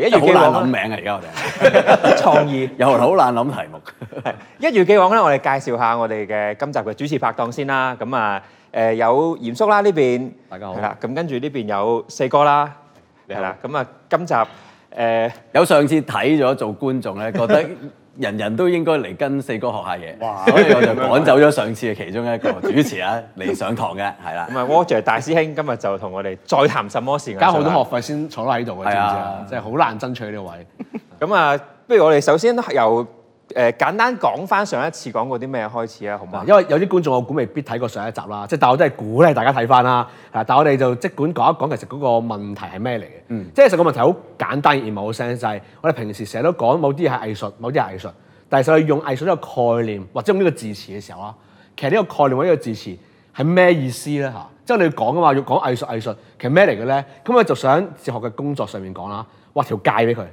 一如既往，好難諗名啊！而家我哋創意又係好難諗題目。一如既往咧，我哋介紹下我哋嘅今集嘅主持拍檔先啦。咁啊，誒有嚴叔啦呢邊，大家好啦。咁跟住呢邊有四哥啦，你係啦。咁啊，今集誒有上次睇咗做觀眾咧，覺得。人人都應該嚟跟四哥學下嘢，所以我就趕走咗上次嘅其中一個主持啊嚟上堂嘅，係啦。唔係，Roger 大師兄今日就同我哋再談什麼事？交好多學費先坐落喺度嘅，知唔知啊？真係好難爭取呢個位。咁啊，不如我哋首先都由。誒簡單講翻上一次講過啲咩開始啊，好唔好？因為有啲觀眾我估未必睇過上一集啦，即係但我都係鼓勵大家睇翻啦嚇。但係我哋就即管講一講，其實嗰個問題係咩嚟嘅？即係實個問題好簡單而無聲，就係、是、我哋平時成日都講某啲係藝術，某啲係藝術，但係實際用藝術呢個,個概念或者用呢個字詞嘅時候啊，其實呢個概念或者呢個字詞係咩意思咧嚇？即係你要講噶嘛？要講藝術藝術，其實咩嚟嘅咧？咁我就想哲學嘅工作上面講啦，畫條界俾佢，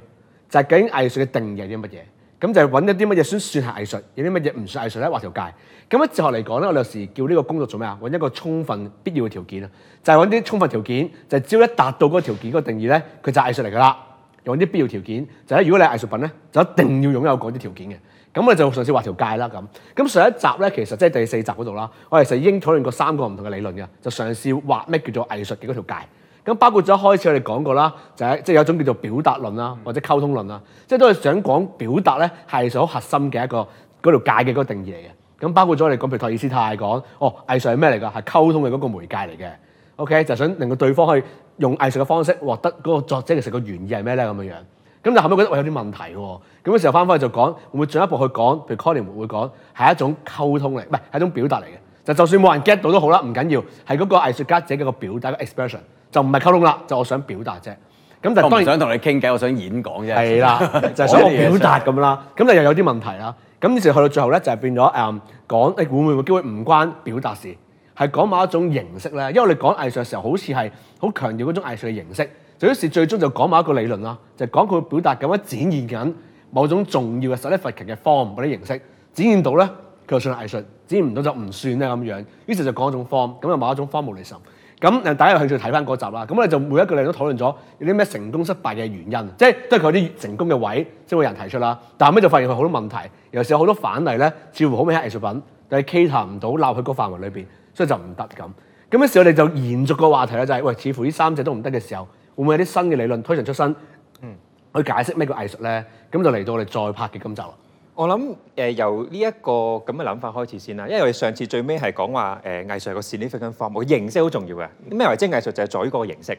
就係、是、究竟藝術嘅定義係啲乜嘢？咁就係揾一啲乜嘢先算係藝術，有啲乜嘢唔算藝術咧？畫條界。咁喺哲學嚟講咧，我有時叫呢個工作做咩啊？揾一個充分必要嘅條件啊，就係揾啲充分條件，就係只要一達到嗰條件個定義咧，佢就係藝術嚟噶啦。用啲必要條件就係如果你係藝術品咧，就一定要擁有嗰啲條件嘅。咁我就嘗試畫條界啦。咁咁上一集咧，其實即係第四集嗰度啦，我哋實已經討論過三個唔同嘅理論嘅，就嘗試畫咩叫做藝術嘅嗰條界。咁包括咗一開始我哋講過啦，就係即係有一種叫做表達論啦，或者溝通論啦，即、就、係、是、都係想講表達咧係所核心嘅一個嗰條界嘅嗰個定義嚟嘅。咁包括咗我哋講，譬如托爾斯泰講，哦藝術係咩嚟㗎？係溝通嘅嗰個媒介嚟嘅。OK 就想令到對方去用藝術嘅方式獲得嗰個作者其實個原意係咩咧咁嘅樣。咁但後尾覺得我有啲問題喎、啊。咁嘅時候翻返去就講會唔進一步去講，譬如 c o 柯林會講係一種溝通嚟，唔係係一種表達嚟嘅。就就算冇人 get 到都好啦，唔緊要，係嗰個藝術家者嘅嘅表達嘅、那個、expression。就唔係溝通啦，就我想表達啫。咁但係當然想同你傾偈，我想演講啫。係啦，就係、想我表達咁啦。咁 但又有啲問題啦。咁於是去到最後咧，就係、係、變咗誒講，誒會唔會會機會唔關表達事，係講某一種形式咧。因為我哋講藝術嘅時候，好似係好強調嗰種藝術嘅形式。就於是最終就講某一個理論啦，就係、講佢表達咁樣展現緊某種重要嘅 significant 嘅 form 啲形式，展現到咧佢就算藝術，展現唔到就唔算咧咁樣。於是就講一種 form，咁就某一種 form 理神咁大家有興趣睇翻嗰集啦，咁我哋就每一個例都討論咗有啲咩成功失敗嘅原因，即係都係佢啲成功嘅位先會有人提出啦。但後屘就發現佢好多問題，尤其有其有好多反例咧，似乎好明顯係藝術品，但係契合唔到納去佢個範圍裏面，所以就唔得咁。咁於是我哋就延續個話題咧，就係、是、喂，似乎呢三者都唔得嘅時候，會唔會有啲新嘅理論推陳出新、嗯？去解釋咩叫藝術咧？咁就嚟到我哋再拍嘅今集啦。我諗誒、呃、由呢、這、一個咁嘅諗法開始先啦，因為我哋上次最尾係講話誒藝術個 significant form，形式好重要嘅。咩為即藝術就係在於嗰個形式。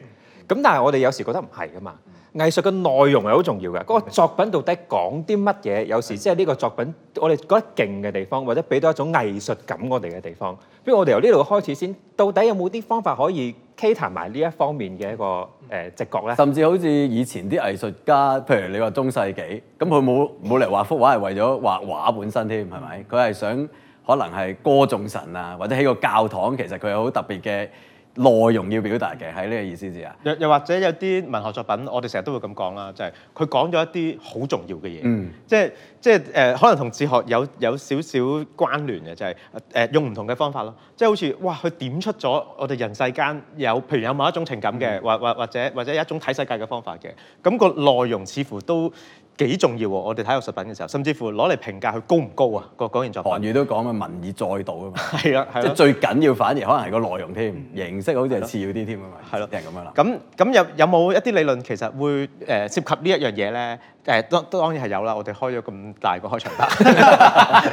咁但係我哋有時覺得唔係噶嘛，藝術嘅內容係好重要嘅。嗰個作品到底講啲乜嘢？有時即係呢個作品，我哋覺得勁嘅地方，或者俾到一種藝術感我哋嘅地方。不如我哋由呢度開始先，到底有冇啲方法可以？傾談埋呢一方面嘅一個誒、呃、直覺咧，甚至好似以前啲藝術家，譬如你話中世紀，咁佢冇冇嚟畫幅畫係為咗畫畫本身添，係咪？佢、嗯、係想可能係歌頌神啊，或者喺個教堂，其實佢係好特別嘅。內容要表達嘅，係呢個意思啫啊！又又或者有啲文學作品，我哋成日都會咁講啦，就係佢講咗一啲好重要嘅嘢，即係即係誒，可能同哲學有有少少關聯嘅，就係誒用唔同嘅方法咯，即係好似哇，佢點出咗我哋人世間有譬如有某一種情感嘅，嗯，或或或者或者有一種睇世界嘅方法嘅，咁個內容似乎都幾重要喎！我哋睇個藝術品嘅時候，甚至乎攞嚟評價佢高唔高啊！講講完再韓愈都講嘅文以載道啊嘛，係啦，即係最緊要反而可能係個內容，譬如形式好似係次要啲添啊嘛，係咯，一定咁樣啦。咁咁有有冇一啲理論其實會誒涉及呢一樣嘢咧？誒，當當然係有啦。我哋開咗咁大個開場白，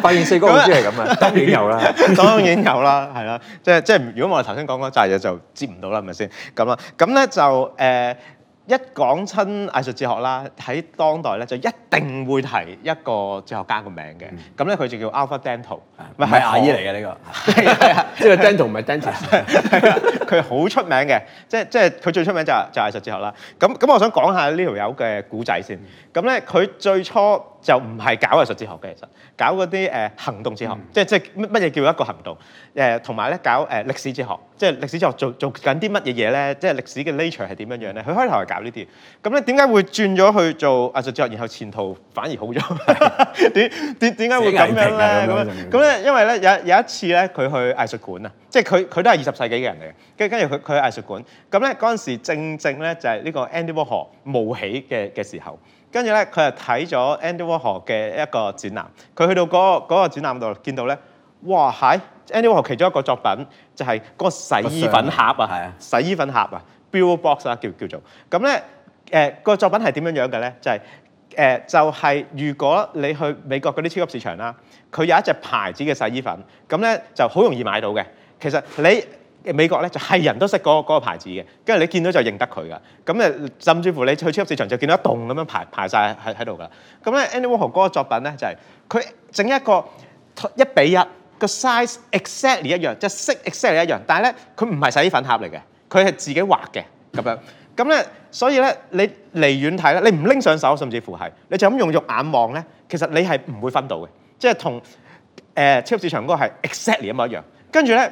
發現四個好似係咁啊，當然有啦，當然有啦，係啦，即係即係，如果我哋頭先講嗰扎嘢就接唔到啦，係咪先？咁啦，咁咧就誒。一講親藝術哲學啦，喺當代咧就一定會提一個哲學家個名嘅。咁咧佢就叫 Alpha Dental，唔係阿姨嚟嘅呢個，係係啊，即係 Dental 唔係 dentist。佢好出名嘅，即即係佢最出名就係、就係、藝術哲學啦。咁咁我想講下呢條友嘅古仔先。咁咧，佢最初就唔係搞藝術哲學嘅，其實搞嗰啲誒行動哲學，即係即係乜乜嘢叫一個行動？誒，同埋咧，搞誒歷史哲學，即係歷史哲學做做緊啲乜嘢嘢咧？即係歷史嘅 nature 係點樣樣咧？佢開頭係搞呢啲，咁咧點解會轉咗去做藝術哲學，然後前途反而好咗？點點點解會咁樣咧？咁咧，因為咧有有一次咧，佢去藝術館啊，即係佢佢都係二十世紀嘅人嚟嘅，跟跟住佢佢去藝術館，咁咧嗰陣時正正咧就係呢個 Andy Warhol 冒起嘅嘅時候。跟住咧，佢又睇咗 Andy Warhol 嘅一個展覽。佢去到嗰、個嗰個展覽度，見到咧，哇！係 Andy Warhol 其中一個作品就係嗰個洗衣粉盒，盒啊，係啊，洗衣粉盒啊，Brillo Box 啊，叫叫做咁咧。誒、呃個作品係點樣樣嘅咧？就係、是、誒、呃、就係、是、如果你去美國嗰啲超級市場啦，佢有一隻牌子嘅洗衣粉，咁咧就好容易買到嘅。其實你美國咧就係人都識嗰、嗰個嗰個牌子嘅，跟住你見到就認得佢噶。咁咧，甚至乎你去超級市場就見到一棟咁樣排排曬喺喺度噶。咁咧，Andy Warhol 嗰個作品咧就係佢整一個一比一個 size exactly 一樣，即、就、係、是、色 exactly 一樣。但係咧，佢唔係洗衣粉盒嚟嘅，佢係自己畫嘅咁樣。咁咧，所以咧你離遠睇咧，你唔拎上手，甚至乎係你就咁用肉眼望咧，其實你係唔會分到嘅，即係同誒超級市場嗰個係 exactly 一模一樣。跟住咧。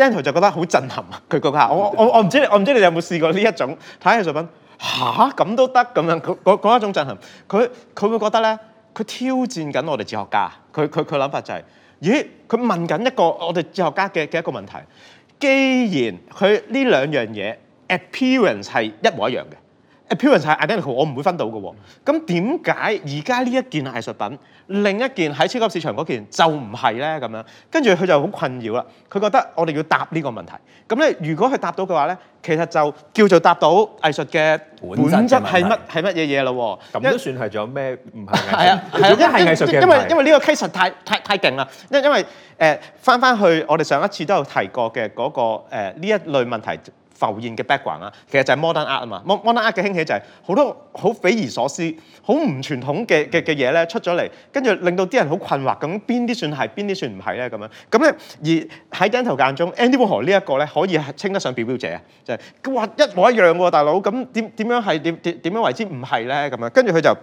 聽佢就覺得好震撼，佢覺得我我我唔知你，我唔知你有冇試過呢一種睇藝術品嚇咁都得咁樣，嗰嗰嗰一種震撼，佢佢會覺得咧，佢挑戰緊我哋哲學家，佢佢佢諗法就係，咦，佢問緊一個我哋哲學家嘅嘅一個問題，既然佢呢兩樣嘢 appearance 係一模一樣嘅。Appearance 係 identical，我唔會分到嘅喎。咁點解而家呢一件藝術品，另一件喺超級市場嗰件就唔係咧？咁樣跟住佢就好困擾啦。佢覺得我哋要答呢個問題。咁咧，如果佢答到嘅話咧，其實就叫做答到藝術嘅本質係乜係乜嘢嘢咯。咁都算係仲有咩唔係？係啊，一係藝術嘅問題。因為因為呢個 case 實太太太勁啦。因因為誒返返去我哋上一次都有提過嘅嗰個誒呢一類問題，浮現嘅 background 啊，其實就係 modern art 啊嘛，modern art 嘅興起就係好多好匪夷所思、好唔傳統嘅嘅嘅嘢咧出咗嚟，跟住令到啲人好困惑咁，邊啲算係，邊啲算唔係咧咁樣？咁咧而喺 Danto 眼中，Andy Warhol 呢一個咧可以係稱得上表表者啊，就係、是、哇一模一樣喎，大佬咁點點樣係點點點樣為之唔係咧咁樣？跟住佢就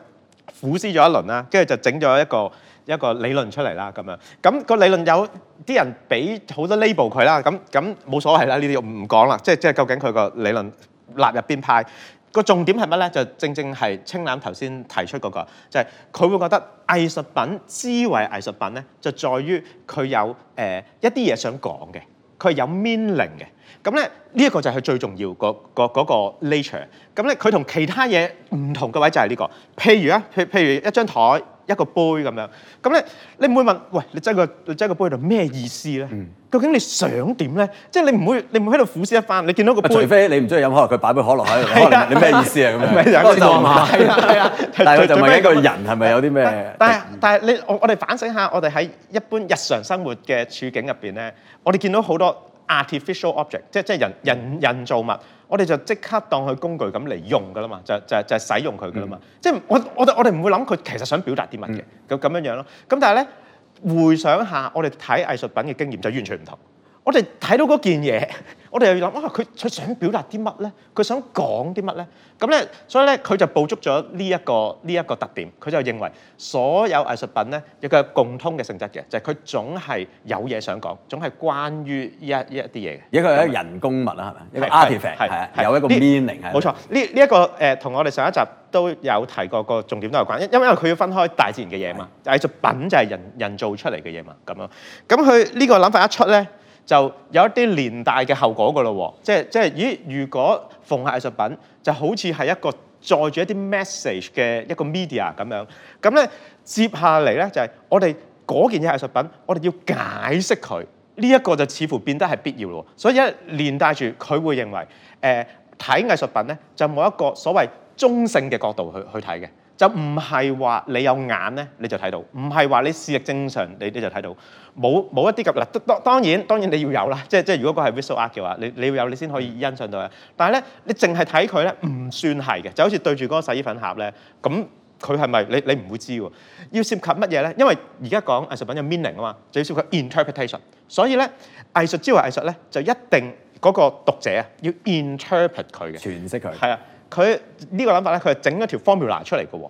苦思咗一輪啦，跟住就整咗一個。一個理論出嚟啦，咁樣，咁、嗰個理論有啲人俾好多 label 佢啦，咁咁冇所謂啦，呢啲唔講啦，即即係究竟佢個理論納入邊派？個重點係乜咧？就正正係清楠頭先提出嗰、嗰個，就係、係、佢會覺得藝術品之為藝術品咧，就在於佢有誒一啲嘢想講嘅，佢有 meaning 嘅。咁咧，呢一個就係佢最重要嗰個嗰個 nature。咁咧，佢同其他嘢唔同嘅位就係呢個。譬如啊，譬譬如一張枱一個杯咁樣。咁咧，你唔會問，喂，你揸個你揸個杯喺度咩意思咧？究竟你想點咧？即係你唔會你唔會喺度苦思一番。你見到個杯，除非你唔中意飲可樂，佢擺杯可樂喺度，你咩意思啊？咁樣感受啊嘛。係啊係啊，但係佢就問一個人，係咪有啲咩？但係但係你我我哋反省下，我哋喺一般日常生活嘅處境入邊咧，我哋見到好多。Artificial object，即係即係人人人造物，嗯、我哋就即刻當佢工具咁嚟用噶啦嘛，就就就係使用佢噶啦嘛，即、嗯、係、就係、我我我哋唔會諗佢其實想表達啲乜嘢，咁、嗯、咁樣樣咯。咁但係咧，回想下我哋睇藝術品嘅經驗就完全唔同。我哋睇到嗰件嘢，我哋又要諗哇，佢佢想表達啲乜咧？佢想講啲乜咧？咁咧，所以咧，佢就捕捉咗呢一個呢一個特點。佢就認為所有藝術品咧有個共通嘅性質嘅，就係佢總係有嘢想講，總係關於呢一呢一啲嘢嘅。而家佢係一個人工物啦，係咪？一個 artefact 係啊，有一個 meaning 係。冇錯。呢呢一個誒，同我哋上一集都有提過，個重點都有關。因因為佢要分開大自然嘅嘢嘛，藝術品就係人人造出嚟嘅嘢嘛，咁咯。咁佢呢個諗法一出咧。就有一啲連帶嘅後果噶咯喎，即係即係咦？如果凡係藝術品，就好似係一個載住一啲 message 嘅一個 media 咁樣。咁咧，接下嚟咧就係、是、我哋嗰件嘢藝術品，我哋要解釋佢呢一個就似乎變得係必要咯。所以一連帶住佢會認為誒睇、呃、藝術品咧就冇一個所謂中性嘅角度去去睇嘅。就唔係話你有眼咧你就睇到，唔係話你視力正常你你就睇到，冇冇一啲咁嗱。當當然當然你要有啦，即係即係如果個係 visual art 嘅話，你你要有你先可以欣賞到嘅。但係咧，你淨係睇佢咧，唔算係嘅，就好似對住嗰個洗衣粉盒咧，咁佢係咪你你唔會知喎？要涉及乜嘢咧？因為而家講藝術品有 meaning 啊嘛，就要涉及 interpretation。所以咧，藝術之為藝術咧，就一定嗰個讀者啊要 interpret 佢嘅，詮釋佢。係啊。佢呢個諗法咧，佢係整咗條 formula 出嚟嘅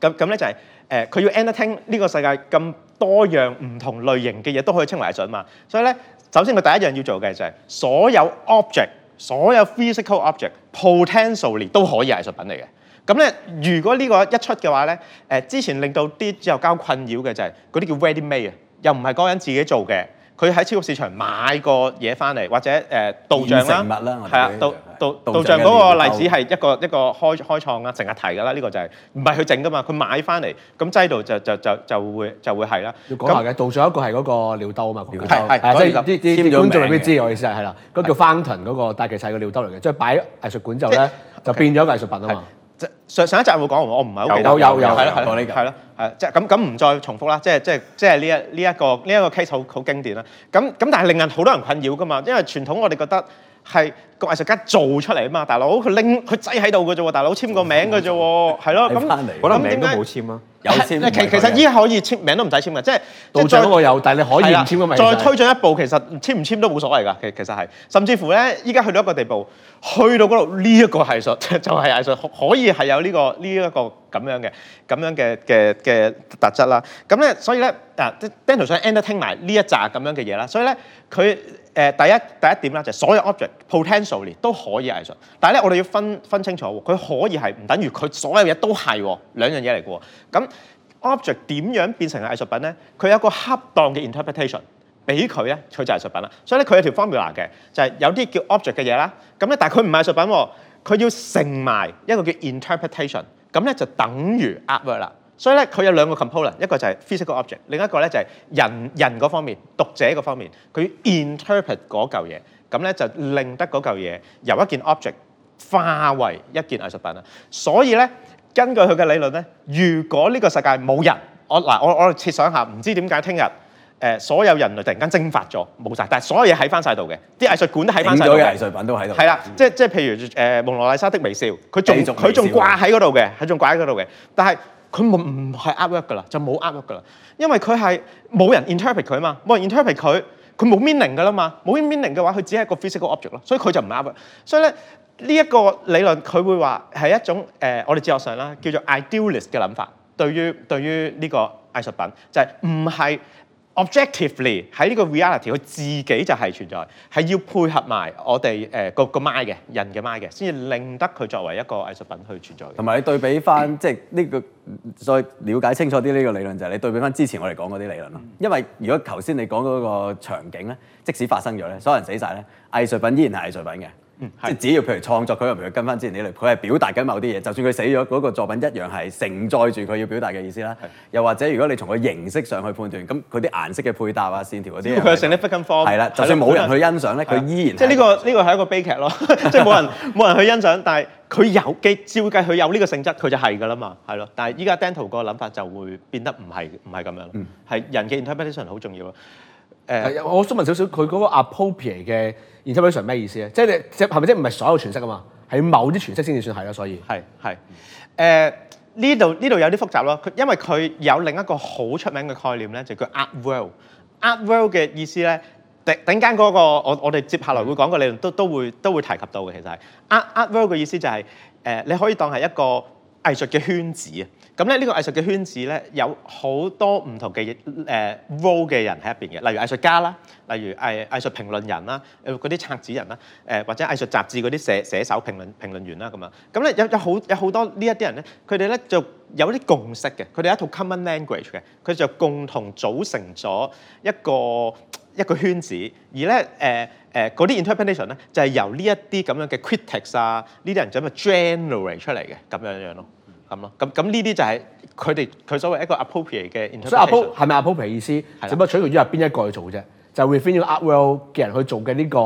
咁咁咧就係誒，佢要 entertain 呢個世界咁多樣唔同類型嘅嘢都可以稱為藝術啊嘛。所以咧，首先佢第一樣要做嘅就係所有 object，所有 physical object potentially 都可以係藝術品嚟嘅。咁咧，如果呢個一出嘅話咧，誒之前令到啲自由膠困擾嘅就係嗰啲叫 ready made 啊，又唔係嗰個人自己做嘅。佢喺超級市場買個嘢翻嚟，或者誒杜象啦，係、呃、啊，杜象嗰個例子係一個一個開開創成日提噶啦，呢、呢個就係唔係佢整噶嘛，佢買翻嚟咁擠到就就就就會就會係啦。要講嘅杜象一個係嗰個尿兜啊嘛，係係即係啲啲觀眾未必知我意思係啦，嗰個叫 fountain 嗰個的料來的，大係其實係個尿兜嚟嘅，即係擺藝術館就咧就變咗藝術品啊嘛、okay。上上一集我講，我唔係好記得，係啦，係啦，係啦，係啦，即係咁咁唔再重複啦，即係即係即係呢一呢一一個呢一一個 case 好好經典啦，咁咁但係令人好多人困擾噶嘛，因為傳統我哋覺得。係個藝術家做出嚟啊嘛，大佬佢拎佢擠喺度嘅啫喎，大佬簽個名嘅啫喎，係、嗯、咯。咁翻嚟，咁點解名都冇簽啊？有簽其。其其實依家可以簽名都唔使簽嘅，即係。到係再嗰個有，但係你可以唔簽個名。再推進一步，其實簽唔簽都冇所謂㗎，其其實係。甚至乎咧，依家去到一個地步，去到嗰度呢一個藝術就係、是、藝術，可以係有呢、呢個呢一、呢個咁樣嘅咁樣嘅嘅嘅特質啦。咁咧、嗯，所以咧，啊，Daniel 想 end 得聽埋呢一集咁樣嘅嘢啦，所以咧，佢。誒第一第一點啦，就係、所有 object potentially 都可以藝術，但係咧我哋要分分清楚，佢可以係唔等於佢所有嘢都係兩樣嘢嚟嘅。咁 object 點樣變成藝術品咧？佢有一個恰當嘅 interpretation 俾佢咧，佢就藝術品啦。所以咧佢有條 formula 嘅，就係、係、有啲叫 object 嘅嘢啦。咁咧但係佢唔係藝術品，佢要乘埋一個叫 interpretation，咁咧就等於 artwork 啦。所以咧，佢有兩個 component，一個就係 physical object，另一個咧就係人人嗰方面、讀者嗰方面，佢 interpret 嗰嚿嘢，咁咧就令得嗰嚿嘢由一件 object 化為一件藝術品啊！所以咧，根據佢嘅理論咧，如果呢個世界冇人，我嗱我我嚟設想下，唔知點解聽日誒所有人類突然間蒸發咗，冇曬，但係所有嘢喺翻曬度嘅，啲藝術館都喺翻曬度。點咗嘅藝術品都喺度。係啦，即係即係譬如誒蒙羅麗莎的微笑，佢仲佢仲掛喺嗰度嘅，佢仲掛喺嗰度嘅，但係。佢冇唔係 artwork 㗎喇，就冇 artwork 㗎喇，因為佢係冇人 interpret 佢啊嘛，冇人 interpret 佢，佢冇 meaning 㗎喇嘛，冇 meaning 嘅話，佢只係一個 physical 個 object 囉，所以佢就唔係 artwork。所以咧呢一個理論，佢會話係一種誒，我哋哲學上啦，叫做 idealist 嘅諗法，對於對於呢個藝術品就係唔係。objectively 喺呢個 reality 佢自己就係存在，係要配合埋我哋誒、呃、個個 mind 嘅人嘅 mind 嘅，先至令得佢作為一個藝術品去存在的。同埋你對比翻，即係呢、這個再了解清楚啲呢個理論就係、是、你對比翻之前我哋講嗰啲理論咯，嗯。因為如果頭先你講嗰個場景咧，即使發生咗咧，所有人死晒咧，藝術品依然係藝術品嘅。即、嗯、係只要譬如創作佢，又唔如跟翻之前你嚟，佢係表達緊某啲嘢。就算佢死咗，嗰、那個作品一樣係承載住佢要表達嘅意思啦。又或者如果你從佢形式上去判斷，咁佢啲顏色嘅配搭啊、線條嗰啲，佢係成立不 c o 啦，就算冇人去欣賞咧，佢依然是即係呢、這個呢個係一個悲劇咯。 即係冇人冇人去欣賞，但係佢有嘅照計，佢有呢個性質，佢就係噶啦嘛，係咯。但係依家 Danto 個諗法就會變得唔係唔係咁樣，係、嗯、人嘅 interpretation 好重要。誒、嗯嗯，我想問少少，佢嗰個 appropriate 嘅 interpretation 咩意思咧？即係你係咪即係唔係所有詮釋啊嘛，係某啲詮釋先至算係啦，所以係係誒呢度呢度有啲複雜咯。佢因為佢有另一個好出名嘅概念咧，就叫 art world。art world 嘅意思咧，等陣間嗰個我我哋接下來會講嘅理論都都會都會提及到嘅，其實係 art world 嘅意思就係、誒、你可以當係一個藝術嘅圈子啊。咁咧，呢個藝術嘅圈子咧，有好多唔同嘅誒 role 嘅人喺入邊嘅，例如藝術家啦，例如誒藝術評論人啦，誒嗰啲策展人啦，誒或者藝術雜誌嗰啲寫寫手、評論評論員啦，咁啊，咁咧有有好有好多呢一啲人咧，佢哋咧就有啲共識嘅，佢哋一套 common language 嘅，佢就共同組成咗一個一個圈子，而咧誒誒嗰啲 interpretation 咧，就係由呢一啲咁樣嘅 critics 啊，呢啲人咁啊 generate 出嚟嘅，咁樣樣咯。咁咁呢啲就係佢哋佢所謂一個 appropriate 嘅。所以是是 appropriate 係咪 appropriate 意思？只不過取決於係邊一個去做啫？就 refine 咗 art world 嘅人去做嘅呢個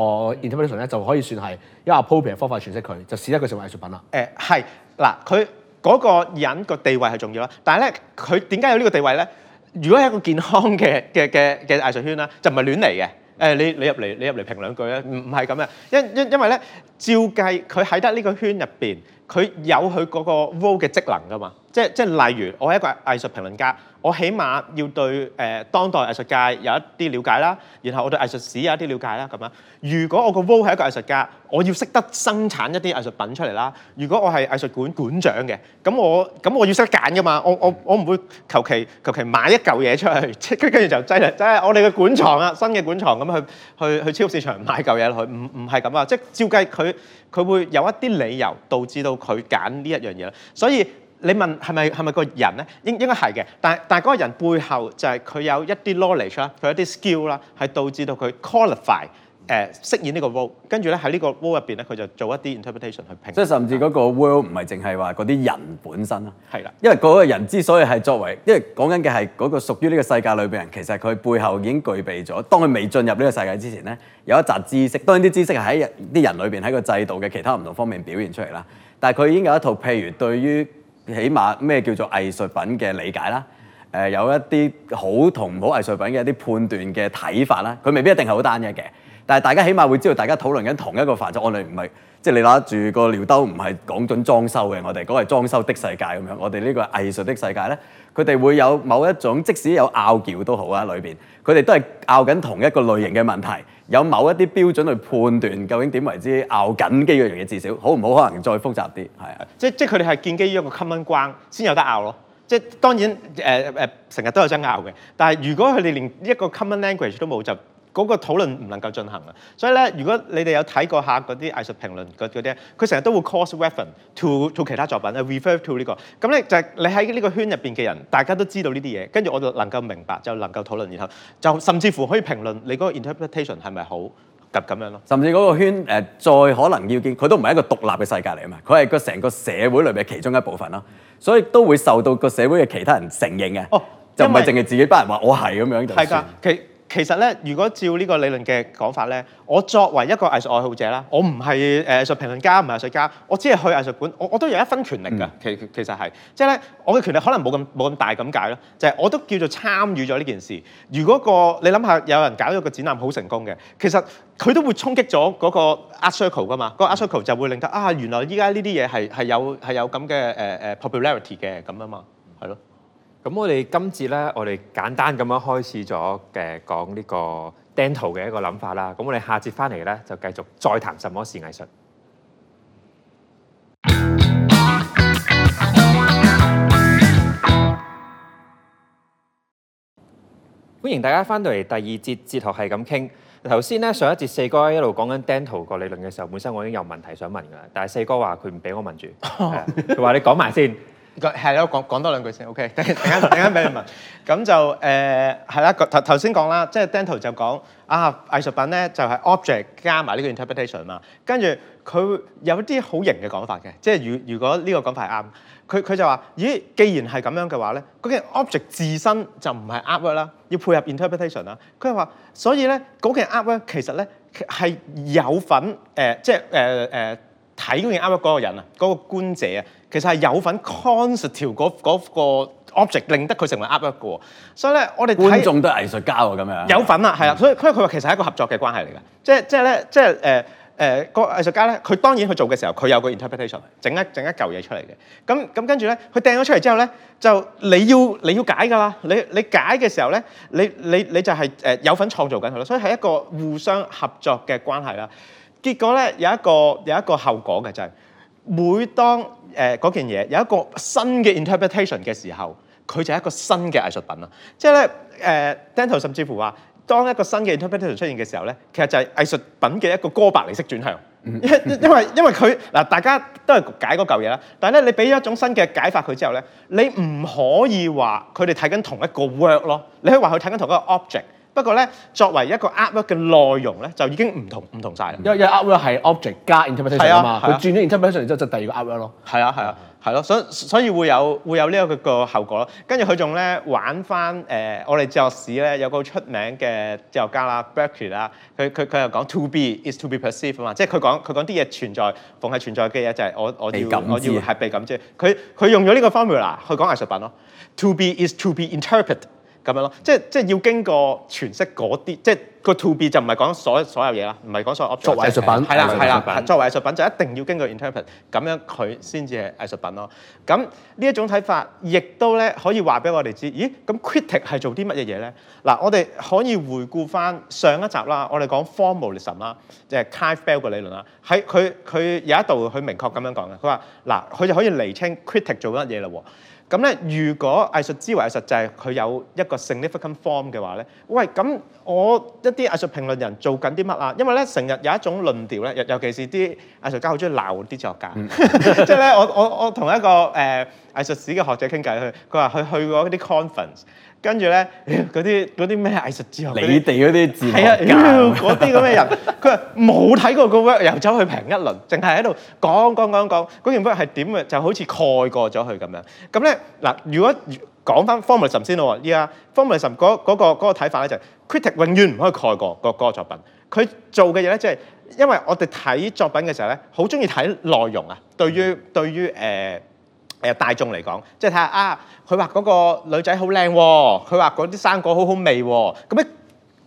interpretation 咧，就可以算係一個 appropriate 的方法去詮釋佢，就使得佢成為藝術品啦。誒、呃，係嗱，佢嗰、那個人地個地位係重要啦。但係咧，佢點解有呢個地位咧？如果係一個健康嘅嘅嘅嘅藝術圈啦，就唔係亂嚟嘅。誒、呃，你你入嚟你入嚟評兩句咧，唔唔係咁嘅。因因因為咧，照計佢喺得呢個圈入邊。佢有佢嗰個 role 嘅職能㗎嘛，即係即係例如我係一個藝術評論家，我起碼要對誒當代藝術界有一啲瞭解啦，然後我對藝術史有一啲瞭解啦咁樣。如果我個 role 係一個藝術家，我要識得生產一啲藝術品出嚟啦。如果我係藝術館館長嘅，咁我咁我要識揀㗎嘛，我我我唔會求其求其買一嚿嘢出去，跟跟住就擠嚟，即係我哋嘅館藏啊，新嘅館藏咁去去去超級市場買嚿嘢落去，唔唔係咁啊，即係照計佢佢會有一啲理由導致到。佢揀呢一樣嘢啦，所以你問係咪係咪個人咧，應應該係嘅。但係但係嗰個人背後就係佢有一啲 knowledge 啦，佢有一啲 skill 啦，係導致到佢 qualify 誒飾演呢個 role。跟住咧喺呢個 role 入邊咧，佢就做一啲 interpretation 去評。即係甚至嗰個 role 唔係淨係話嗰啲人本身啦，係啦。因為嗰個人之所以係作為，因為講緊嘅係嗰個屬於呢個世界裏邊人，其實佢背後已經具備咗。當佢未進入呢個世界之前咧，有一紮知識。當然啲知識係喺啲人裏邊喺個制度嘅其他唔同方面表現出嚟啦。但係佢已經有一套，譬如對於起碼咩叫做藝術品嘅理解啦，誒、呃、有一啲好同唔好藝術品嘅一啲判斷嘅睇法啦，佢未必一定係好單一嘅。但係大家起碼會知道，大家討論緊同一個範疇，我哋唔係即係你攞住個尿兜，唔係講緊裝修嘅，我哋嗰係裝修的世界咁樣。我哋呢個藝術的世界咧，佢哋會有某一種，即使有拗撬都好啊，裏邊佢哋都係拗緊同一個類型嘅問題。有某一啲標準去判斷究竟點為之拗緊機嘅樣嘢，至少好唔好可能再複雜啲。係啊！即係即係佢哋係建基於一個 common 關先有得拗咯。即係當然誒誒、呃呃，成日都有爭拗嘅，但係如果佢哋連一個 common language 都冇就。嗰、那個討論唔能夠進行啊！所以咧，如果你哋有睇過一下嗰啲藝術評論嗰嗰啲佢成日都會 cause reference to to 其他作品，refer to 呢個。咁咧就係你喺呢個圈入邊嘅人，大家都知道呢啲嘢，跟住我就能夠明白，就能夠討論，然後就甚至乎可以評論你嗰個 interpretation 係咪好及咁樣咯。甚至嗰個圈誒、呃，再可能要見，佢都唔係一個獨立嘅世界嚟啊嘛，佢係個成個社會裏邊其中一部分咯，所以都會受到個社會嘅其他人承認嘅。哦，就唔係淨係自己班人話我係咁樣就算。係其實咧，如果照呢個理論嘅講法咧，我作為一個藝術愛好者啦，我唔係誒藝術評論家，唔係藝術家，我只係去藝術館，我我都有一分權力㗎。其其實係，即係咧，我嘅權力可能冇咁冇咁大咁解咯，就係、是、我都叫做參與咗呢件事。如果個你諗下，有人搞咗個展覽好成功嘅，其實佢都會衝擊咗嗰個 art circle 㗎嘛，嗰個 art circle 就會令到啊，原來依家呢啲嘢係係有係有咁嘅誒誒 popularity 嘅咁啊嘛，係咯。咁我哋今節咧，我哋簡單咁樣開始咗誒講呢個 Dental 嘅一個諗法啦。咁我哋下節翻嚟咧，就繼續再談什麼是藝術。歡迎大家翻到嚟第二節哲學係咁傾。頭先咧上一節四哥一路講緊 Dental 個理論嘅時候，本身我已經有問題想問㗎喇，但係四哥話佢唔俾我問住，佢 話、啊、你講埋先。係，我講講多兩句先，OK？等陣等陣俾你問。咁 就誒係啦，頭頭先講啦，即係 Danto 就講、是、啊藝術品咧就係、是、object 加埋呢個 interpretation 嘛。跟住佢有啲好型嘅講法嘅，即係如如果呢個講法係啱，佢佢就話：咦，既然係咁樣嘅話咧，嗰件 object 自身就唔係 artwork 啦，要配合 interpretation 啦。佢就話：所以咧嗰件 artwork 其實咧係有份誒，即係誒誒睇嗰件 artwork 嗰個人啊，嗰、嗰個觀者啊。其實係有份 constitute 條嗰嗰個 object 令得佢成為 up。一個，所以咧我哋觀眾都係藝術家喎，咁樣有份啦，係啦，所以所以佢話其實係一個合作嘅關係嚟嘅，即係即係咧，即係誒誒個藝術家咧，佢當然去做嘅時候，佢有個 interpretation，整一整一嚿嘢出嚟嘅，咁咁跟住咧，佢掟咗出嚟之後咧，就你要你要解㗎啦，你你解嘅時候咧，你你你就係誒有份創造緊佢咯，所以係一個互相合作嘅關係啦。結果咧有一個有一個後果嘅就係、是。每當誒嗰、呃、件嘢有一個新嘅 interpretation 嘅時候，佢就係一個新嘅藝術品啦。即係咧誒，Danto 甚至乎話，當一個新嘅 interpretation 出現嘅時候咧，其實就係藝術品嘅一個哥白尼式轉向。 因為因為佢嗱，大家都係解嗰嚿嘢啦，但係咧你俾咗一種新嘅解法佢之後咧，你唔可以話佢哋睇緊同一個 work 咯，你可以話佢睇緊同一個 object。不過咧，作為一個 artwork 嘅內容咧，就已經唔同唔同曬。因為因為 artwork 係 object 加 interpretation 是啊嘛，佢轉咗 interpretation 之後就第二個 artwork 咯。係啊係啊係咯、啊啊，所以所以會有會有這效、呃、呢有一個個效果咯。跟住佢仲咧玩翻誒，我哋哲學史咧有個出名嘅哲學家啦，Berkeley 啦，佢佢佢又講 to be is to be perceived 啊嘛，即係佢講佢講啲嘢存在，逢係存在嘅嘢就係、是、我我要我要係被感知。佢佢用咗呢個 formula 去講藝術品咯，to be is to be interpreted。咁樣咯，即係即係要經過詮釋嗰啲，即係個 to be 就唔係講所所有嘢啦，唔係講所有藝術品，係啦係啦，作為藝術品就一定要經過 interpret，咁樣佢先至係藝術品咯。咁呢一種睇法，亦都咧可以話俾我哋知，咦？咁 critic 係做啲乜嘢嘢咧？嗱，我哋可以回顧返上一集啦，我哋講 formalism 啦，即係 Clive Bell 個理論啦，喺佢佢有一度佢明確咁樣講嘅，佢話嗱，佢就可以釐清 critic 做乜嘢啦喎。咁咧，如果藝術之為藝術就係佢有一個 significant form 嘅話咧，喂，咁我一啲藝術評論人做緊啲乜啊？因為咧成日有一種論調咧，尤其是啲藝術家好中意鬧啲作家，即係咧我我我同一個誒、呃、藝術史嘅學者傾偈，去，佢話佢去過一啲 conference。跟住咧，嗰啲嗰啲咩藝術字幕，你哋嗰啲字，係啊，嗰啲咁嘅人，佢話冇睇過個 work，又走去評一輪，淨係喺度講講講講，嗰件 work 係點啊？就好似蓋過咗佢咁樣。咁咧嗱，如果講翻 Formalism 先咯喎，依家 Formalism 嗰嗰個嗰個睇法咧就係 critic 永遠唔可以蓋過個嗰個作品。佢做嘅嘢咧，即係因為我哋睇作品嘅時候咧，好中意睇內容啊。對於對於誒。誒大眾嚟講，即係睇下啊，佢畫嗰個女仔、哦、好靚喎、哦，佢畫嗰啲生果好好味喎，咁樣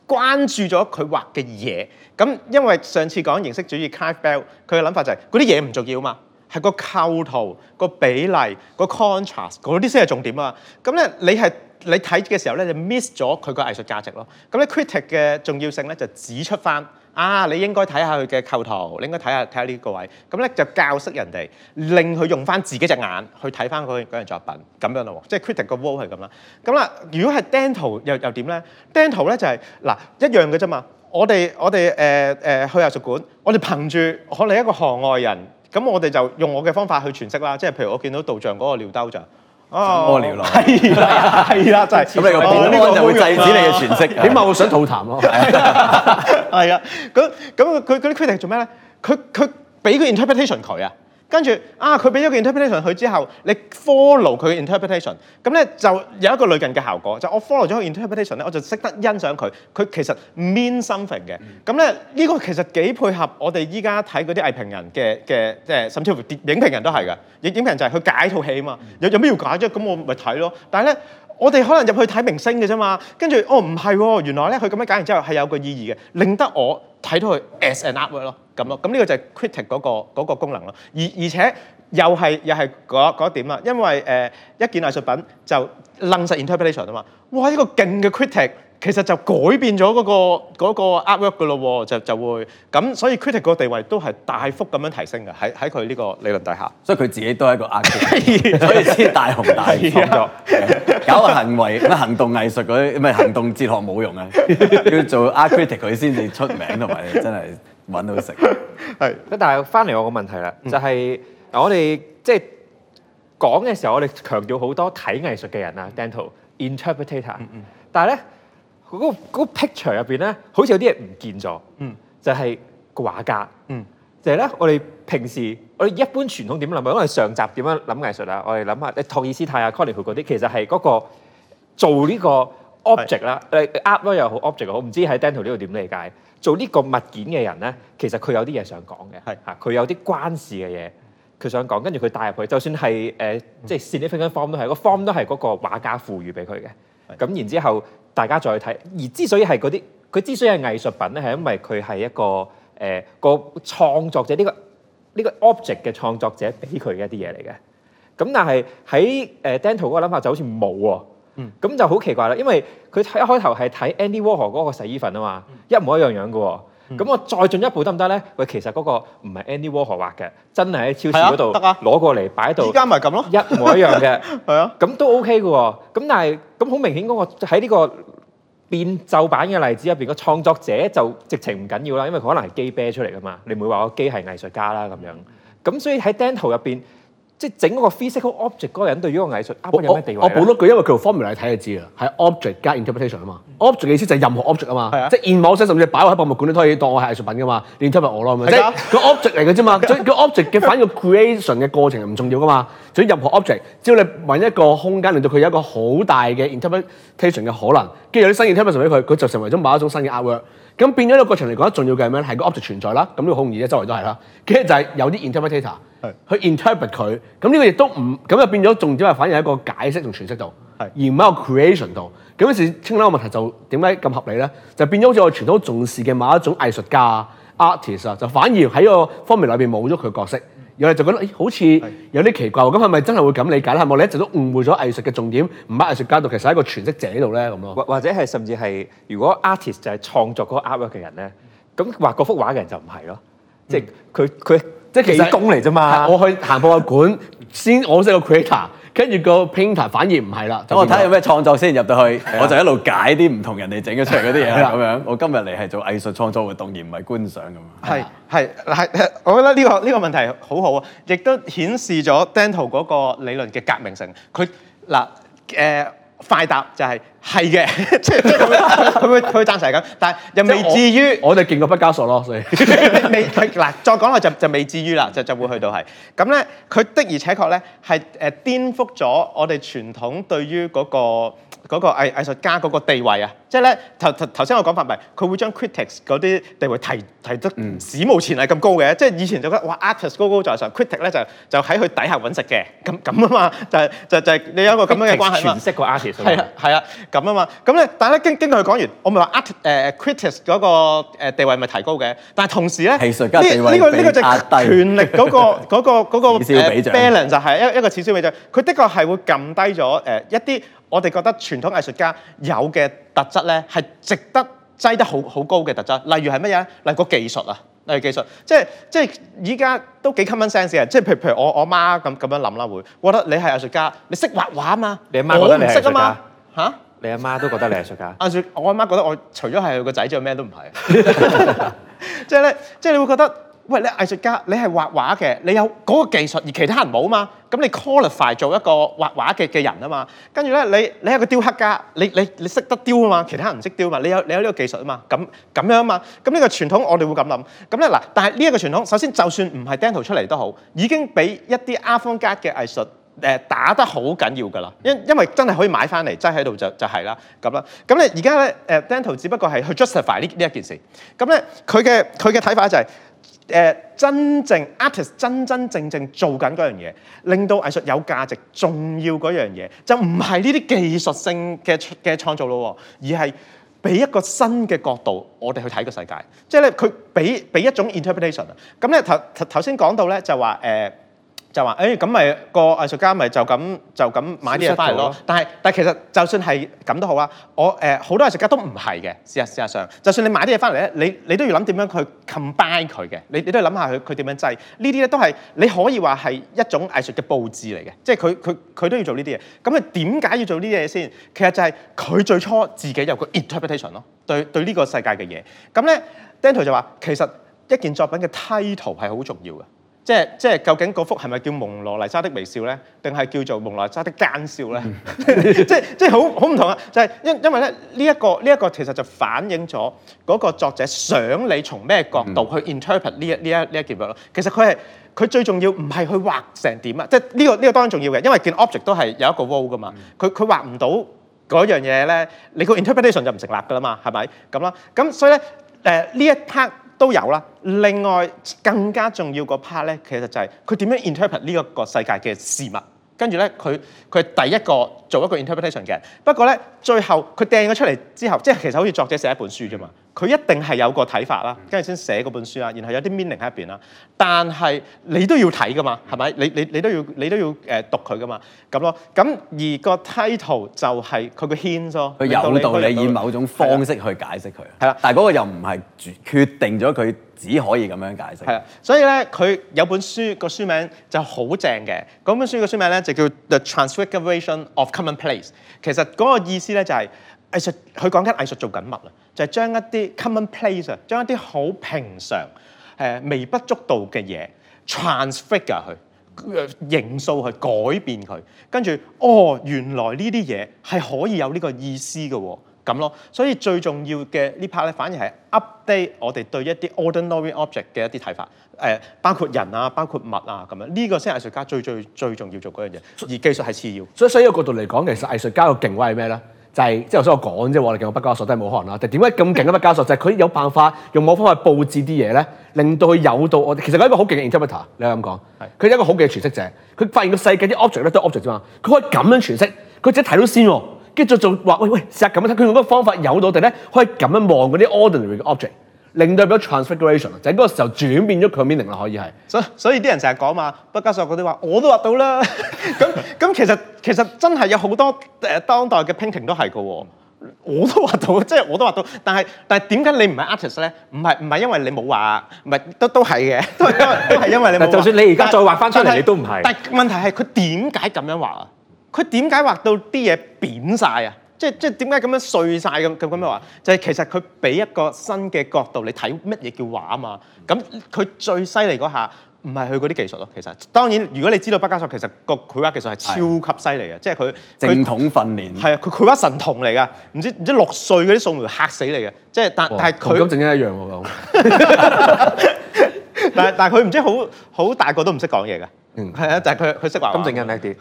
關注咗佢畫嘅嘢，咁因為上次講形式主義 Clive Bell，佢嘅諗法就係嗰啲嘢唔重要嘛。係個構圖、個比例、個 contrast，嗰啲先係重點啊！咁咧，你係你睇嘅時候咧，就 miss 咗佢個藝術價值咯。咁咧，critic 嘅重要性咧就指出翻啊，你應該睇下佢嘅構圖，你應該睇下睇下呢個位。咁咧就教識人哋，令佢用翻自己隻眼去睇翻佢嗰樣作品，咁樣咯、啊。即係 critic 嘅 role 係咁啦。咁啦，如果係 dental，又又點咧？dental 咧就係、是、嗱一樣嘅啫嘛。我哋我哋誒誒去藝術館，我哋憑住可能一個行外人。咁我哋就用我嘅方法去詮釋啦，即係譬如我見到道像嗰個尿兜就，哦，屙尿咯，係啦，係啦，就係咁你個保安呢個就會制止你嘅詮釋，起碼會想吐痰咯、啊？係 呀。 咁佢嗰啲規定係做咩呢？佢佢俾個 interpretation 佢呀。跟住啊，佢俾咗個 interpretation 佢之後，你 follow 佢嘅 interpretation，咁咧就有一個類近嘅效果，就是、我 follow 咗佢 interpretation 咧，我就識得欣賞佢。佢其實 mean something 嘅，咁咧呢、這個其實幾配合我哋依家睇嗰啲藝評人嘅嘅，即係甚至乎影評人都係嘅。影評人就係佢解套戲啊嘛，有有咩要解啫，咁我咪睇咯。但係咧，我哋可能入去睇明星嘅啫嘛。跟住哦，唔係喎，原來咧佢咁樣解完之後係有個意義嘅，令得我睇到佢 as an artwork 咯。咁咯，咁呢個就係 critic 嗰個嗰個功能咯。而而且又係又係嗰嗰一點啦，因為、呃、一件藝術品就愣實 interpretation 啊嘛。哇！呢個勁嘅 critic 其實就改變咗嗰個嗰個 artwork 噶咯，就就會咁，所以 critic 個地位都係大幅咁樣提升嘅。喺喺佢呢個理論底下，所以佢自己都係一個 art， 所以先大紅大、 啊。搞個行為咩行動藝術嗰啲咩行動哲學冇用啊，要做 art critic 佢先至出名同埋真係。揾到食係。咁但係翻嚟我個問題啦，就係嗱，我哋即係講嘅時候，我哋強調好多睇藝術嘅人啊，dental interpretator，但係咧嗰個 picture 入邊咧，好似有啲嘢唔見咗，嗯，就係個畫家，嗯，就係咧，我哋平時我哋一般傳統點諗啊，因為上集點樣諗藝術啊，我哋諗下，誒托爾斯泰啊，柯林胡嗰啲，其實係嗰個做呢個 object 啦，誒 art 又好 object 又好，唔知喺 dental 呢度點理解？做呢個物件嘅人咧，其實佢有啲嘢想講嘅，吓佢、啊、有啲關事嘅嘢，佢想講，跟住佢帶入去，就算係誒，即係 significant form 都係，個 form 都係嗰個畫家賦予俾佢嘅，咁然之後大家再去睇。而之所以係嗰啲，佢之所以係藝術品咧，係因為佢係一個誒、呃那個創作者呢、這個呢、這個 object 嘅創作者俾佢嘅一啲嘢嚟嘅。咁但係喺誒 Danto 嗰個諗法就好似冇喎。嗯，咁就好奇怪啦，因為佢一開頭係睇 Andy Warhol 嗰個洗衣粉啊嘛，一模一樣樣嘅喎、哦。咁、嗯、我再進一步得唔得咧？喂，其實嗰個唔係 Andy Warhol 畫嘅，真係喺超市嗰度攞過嚟擺喺度。依家咁咯，一模一樣嘅。係 啊，咁都 OK 嘅喎、哦。咁但係咁好明顯嗰個喺呢個變奏版嘅例子入邊，個創作者就直情唔緊要啦，因為佢可能係機啤出嚟噶嘛，你唔會話個機係藝術家啦咁樣。咁所以喺 Dental 入邊。即係整嗰個 physical object 嗰個人對於嗰個藝術 work 有咩地位？我，我補碌句，因為佢用 formula 睇就知啦，係 object 加 interpretation 啊嘛。object 嘅意思就係任何 object 啊嘛，是啊，即係任何東西，甚至擺喺博物館都可以當我係藝術品㗎嘛。interpret 我咯，係咪，啊？即係 object 嚟嘅啫嘛。所以 object 嘅反嘅 creation 嘅過程係唔重要㗎嘛。所以任何 object，只要你揾一個空間，令到佢有一個好大嘅 interpretation 嘅可能，跟住有啲新嘅 interpretation 俾佢，佢就成為咗某一種新嘅 artwork。咁變咗個過程嚟講，重要嘅係咩？係個 object 存在啦，咁呢個好容易，咧，周圍都係啦。跟住就係有啲 interpreter 去 interpret 佢，咁呢個亦都唔，咁就變咗重點係反而喺一個解釋同詮釋度，而唔喺個 creation 度。咁於是傾翻個問題就點解咁合理咧？就變咗好似我傳統重視嘅某一種藝術家 artist 啊，就反而喺個方面裏面冇咗佢角色。有人就覺得，咦？好似有啲奇怪喎。咁係咪真係會咁理解？係咪我哋一直都誤會咗藝術嘅重點？唔係藝術家度其實係一個詮釋者喺度咧咁咯。或或者係甚至係，如果 artist 就係創作嗰個 artwork 嘅人咧，咁畫嗰幅畫嘅人就唔係咯。即係佢佢即係幾工嚟啫嘛。我去行博物館先，我先係個 creator。跟住個 painter 反而唔係啦，等我睇下有咩創作先入到去， 我就一路解啲唔同人哋整咗出嚟嗰啲嘢咁樣。我今日嚟係做藝術創作活動，而唔係觀賞咁樣，係，係我覺得呢個呢個問題好好啊，亦都顯示咗 Dental 嗰個理論嘅革命性。佢嗱誒快答就係、是。係嘅， 即係即係佢佢佢贊成係咁，但係又未至於我。我 哋見過不加索咯，所以未 嗱。再講落就就未至於啦，就就會去到係咁咧。佢 的而且確咧係誒顛覆咗我哋傳統對於嗰、那個嗰、那個那個藝藝術家嗰個地位啊！即係咧頭頭頭先我講法咪，佢會將 critics 嗰啲地位提提得史無前例咁高嘅。嗯、即係以前就覺得哇，artist 高高在上，critic 咧就就喺佢底下揾食嘅。咁咁啊嘛，就係就就係你有一個咁樣嘅關係啊嘛。權勢過 artist 係啊，係啊。咁啊嘛，咁咧，但係咧，經經過佢講完，我咪話 artist 誒、呃、critic 嗰個誒地位咪提高嘅，但係同時咧，藝術家地位、這個、被壓低，權力嗰、那個嗰、 那個嗰、那個、uh, balance 就係、是、一一個此消彼長，佢的確係會撳低咗誒、呃、一啲我哋覺得傳統藝術家有嘅特質咧，係值得擠得好好高嘅特質，例如係乜嘢咧？例如個技術啊，例如技術，即係即係依家都幾 common sense 嘅，即係譬如譬如我我媽咁咁樣諗啦，會，我覺得你係藝術家，你識畫畫啊嘛，你阿媽唔識啊嘛，嚇、啊？你阿媽，媽都覺得你係藝術家？藝術，我阿媽，媽覺得我除咗係佢個仔之外，咩都唔係。即係咧，即係你會覺得，喂，你藝術家，你係畫畫嘅，你有嗰個技術，而其他人冇嘛？咁你 qualify 做一個畫畫嘅嘅人啊嘛？跟住咧，你你係個雕刻家，你你你識得雕啊嘛？其他人唔識雕嘛？你有你有呢個技術啊嘛？咁咁樣啊嘛？咁呢個傳統我哋會咁諗。咁咧嗱，但係呢一個傳統，首先就算唔係 dental 出嚟都好，已經俾一啲 Arts 格嘅藝術。誒打得好緊要㗎啦，因因為真係可以買翻嚟，擠喺度就就係啦，咁啦。咁咧而家咧誒，Dental 只不過係去 justify 呢呢一件事。咁咧佢嘅佢嘅睇法就係、是、誒、呃、真正 artist 真真正正，正，正做緊嗰樣嘢，令到藝術有價值重要嗰樣嘢，就唔係呢啲技術性嘅嘅創造咯，而係俾一個新嘅角度，我哋去睇個世界。即係咧，佢俾俾一種 interpretation。咁咧頭頭先講到咧就話誒。呃就話誒咁咪個藝術家咪就咁就咁買啲嘢翻嚟咯，但係但係其實就算係咁都好啦。我、呃、好多藝術家都唔係嘅，事實事實上，就算你買啲嘢翻嚟咧，你你都要諗點樣去 combine 佢嘅，你你都要諗下佢佢點樣製。呢啲咧都係你可以話係一種藝術嘅佈置嚟嘅，即係佢佢佢都要做呢啲嘢。咁啊點解要做呢啲嘢先？其實就係佢最初自己有個 interpretation 咯，對對呢個世界嘅嘢。咁咧，Danto 就話其實一件作品嘅 title 係好重要嘅。即係即係，究竟嗰幅係咪叫蒙娜麗莎的微笑咧，定係叫做蒙娜麗莎的奸笑咧？即係即係好好唔同啊！就係因因為咧，呢一個呢一個其實就反映咗嗰個作者想你從咩角度去 interpret 呢一呢一呢一件 work 咯。其實佢係佢最重要唔係去畫成點啊！即係呢個呢個當然重要嘅，因為件 object 都係有一個 role 噶嘛。佢佢畫唔到嗰樣嘢咧，你個 interpretation 就唔成立噶啦嘛，係咪咁啦？咁所以咧，誒呢一 part。都有啦。另外更加重要嗰 part 咧，其實就係佢點樣 interpret 呢個世界嘅事物。跟住咧，佢佢第一個做一個 interpretation 嘅，不過咧，最後佢掟咗出嚟之後，即係其實好似作者寫一本書啫嘛，佢一定係有個睇法啦，跟住先寫嗰本書啦，然後有啲 meaning 喺入邊啦，但係你都要睇噶嘛，係咪？你你你都要你都要誒讀佢噶嘛，咁咯。咁而個 title 就係佢個 hint 咯，佢有道理以某種方式去解釋佢。係啦，但係嗰個又唔係決定咗佢。只可以咁樣解釋。係啊，所以咧佢有本書個書名就好正嘅。嗰本書個書名咧就叫 The Transfiguration of Common Place。其實嗰個意思咧就係藝術，佢講緊藝術做緊乜啊？就係、是、將一啲 common place 啊，將一啲好平常誒微不足道嘅嘢 transfigure 佢，形塑去改變佢，跟住哦，原來呢啲嘢係可以有呢個意思嘅、哦。咁咯，所以最重要嘅呢 part 咧，反而係 update 我哋對一啲 ordinary object 嘅一啲睇法，誒、呃、包括人啊，包括物啊咁樣。呢、這個先係藝術家最最最，最重要做嗰樣嘢，而技術係次要。所以，所以一個角度嚟講，其實藝術家嘅勁位係咩咧？就係即係頭先我講啫，我哋見到畢加索都係冇可能啦。但點解咁勁嘅畢加索？就係、是、佢有辦法用某方法佈置啲嘢咧，令到佢有到我。其實佢係一個好勁嘅 interpreter，你可以咁講。係佢係一個好勁嘅詮釋者。佢發現個世界啲 object 咧都 object 啫嘛。佢可以咁樣詮釋，佢自己睇到先喎。跟住就話喂喂，成日咁樣睇，佢用嗰個方法有到我哋咧，可以咁樣望嗰啲 ordinary 嘅 object，令到有咗 transfiguration，就係嗰個時候轉變咗佢嘅 meaning 啦，可以係。所以所以啲人成日講嘛，畢加索嗰啲話我都畫到啦。咁 咁其實其實真係有好多誒當代嘅 painting 都係嘅喎，我都畫到，即係我都畫到。但係但係點解你唔係 artist 咧？唔係唔係因為你冇畫，唔係都都係嘅，都係因為 都係因為你冇畫。就算你而家再畫翻出嚟，你都唔係。但係問題係佢點解咁樣畫啊？佢點解畫到啲嘢扁晒啊？即係即係點解咁樣碎晒？咁咁咁樣畫？就係其實佢俾一個新嘅角度，你睇乜嘢叫畫嘛？咁佢最犀利嗰下，唔係佢嗰啲技術咯。其實當然，如果你知道畢加索，其實個繪畫技術係超級犀利嘅，即係佢正統訓練係啊，佢繪畫神童嚟噶，唔知唔知六歲嗰啲素描嚇死你嘅，即係但但係佢咁正一一樣 但係但係佢唔知好好大個都唔識講嘢㗎。嗯，係啊，就係佢佢識話咁正恩叻啲，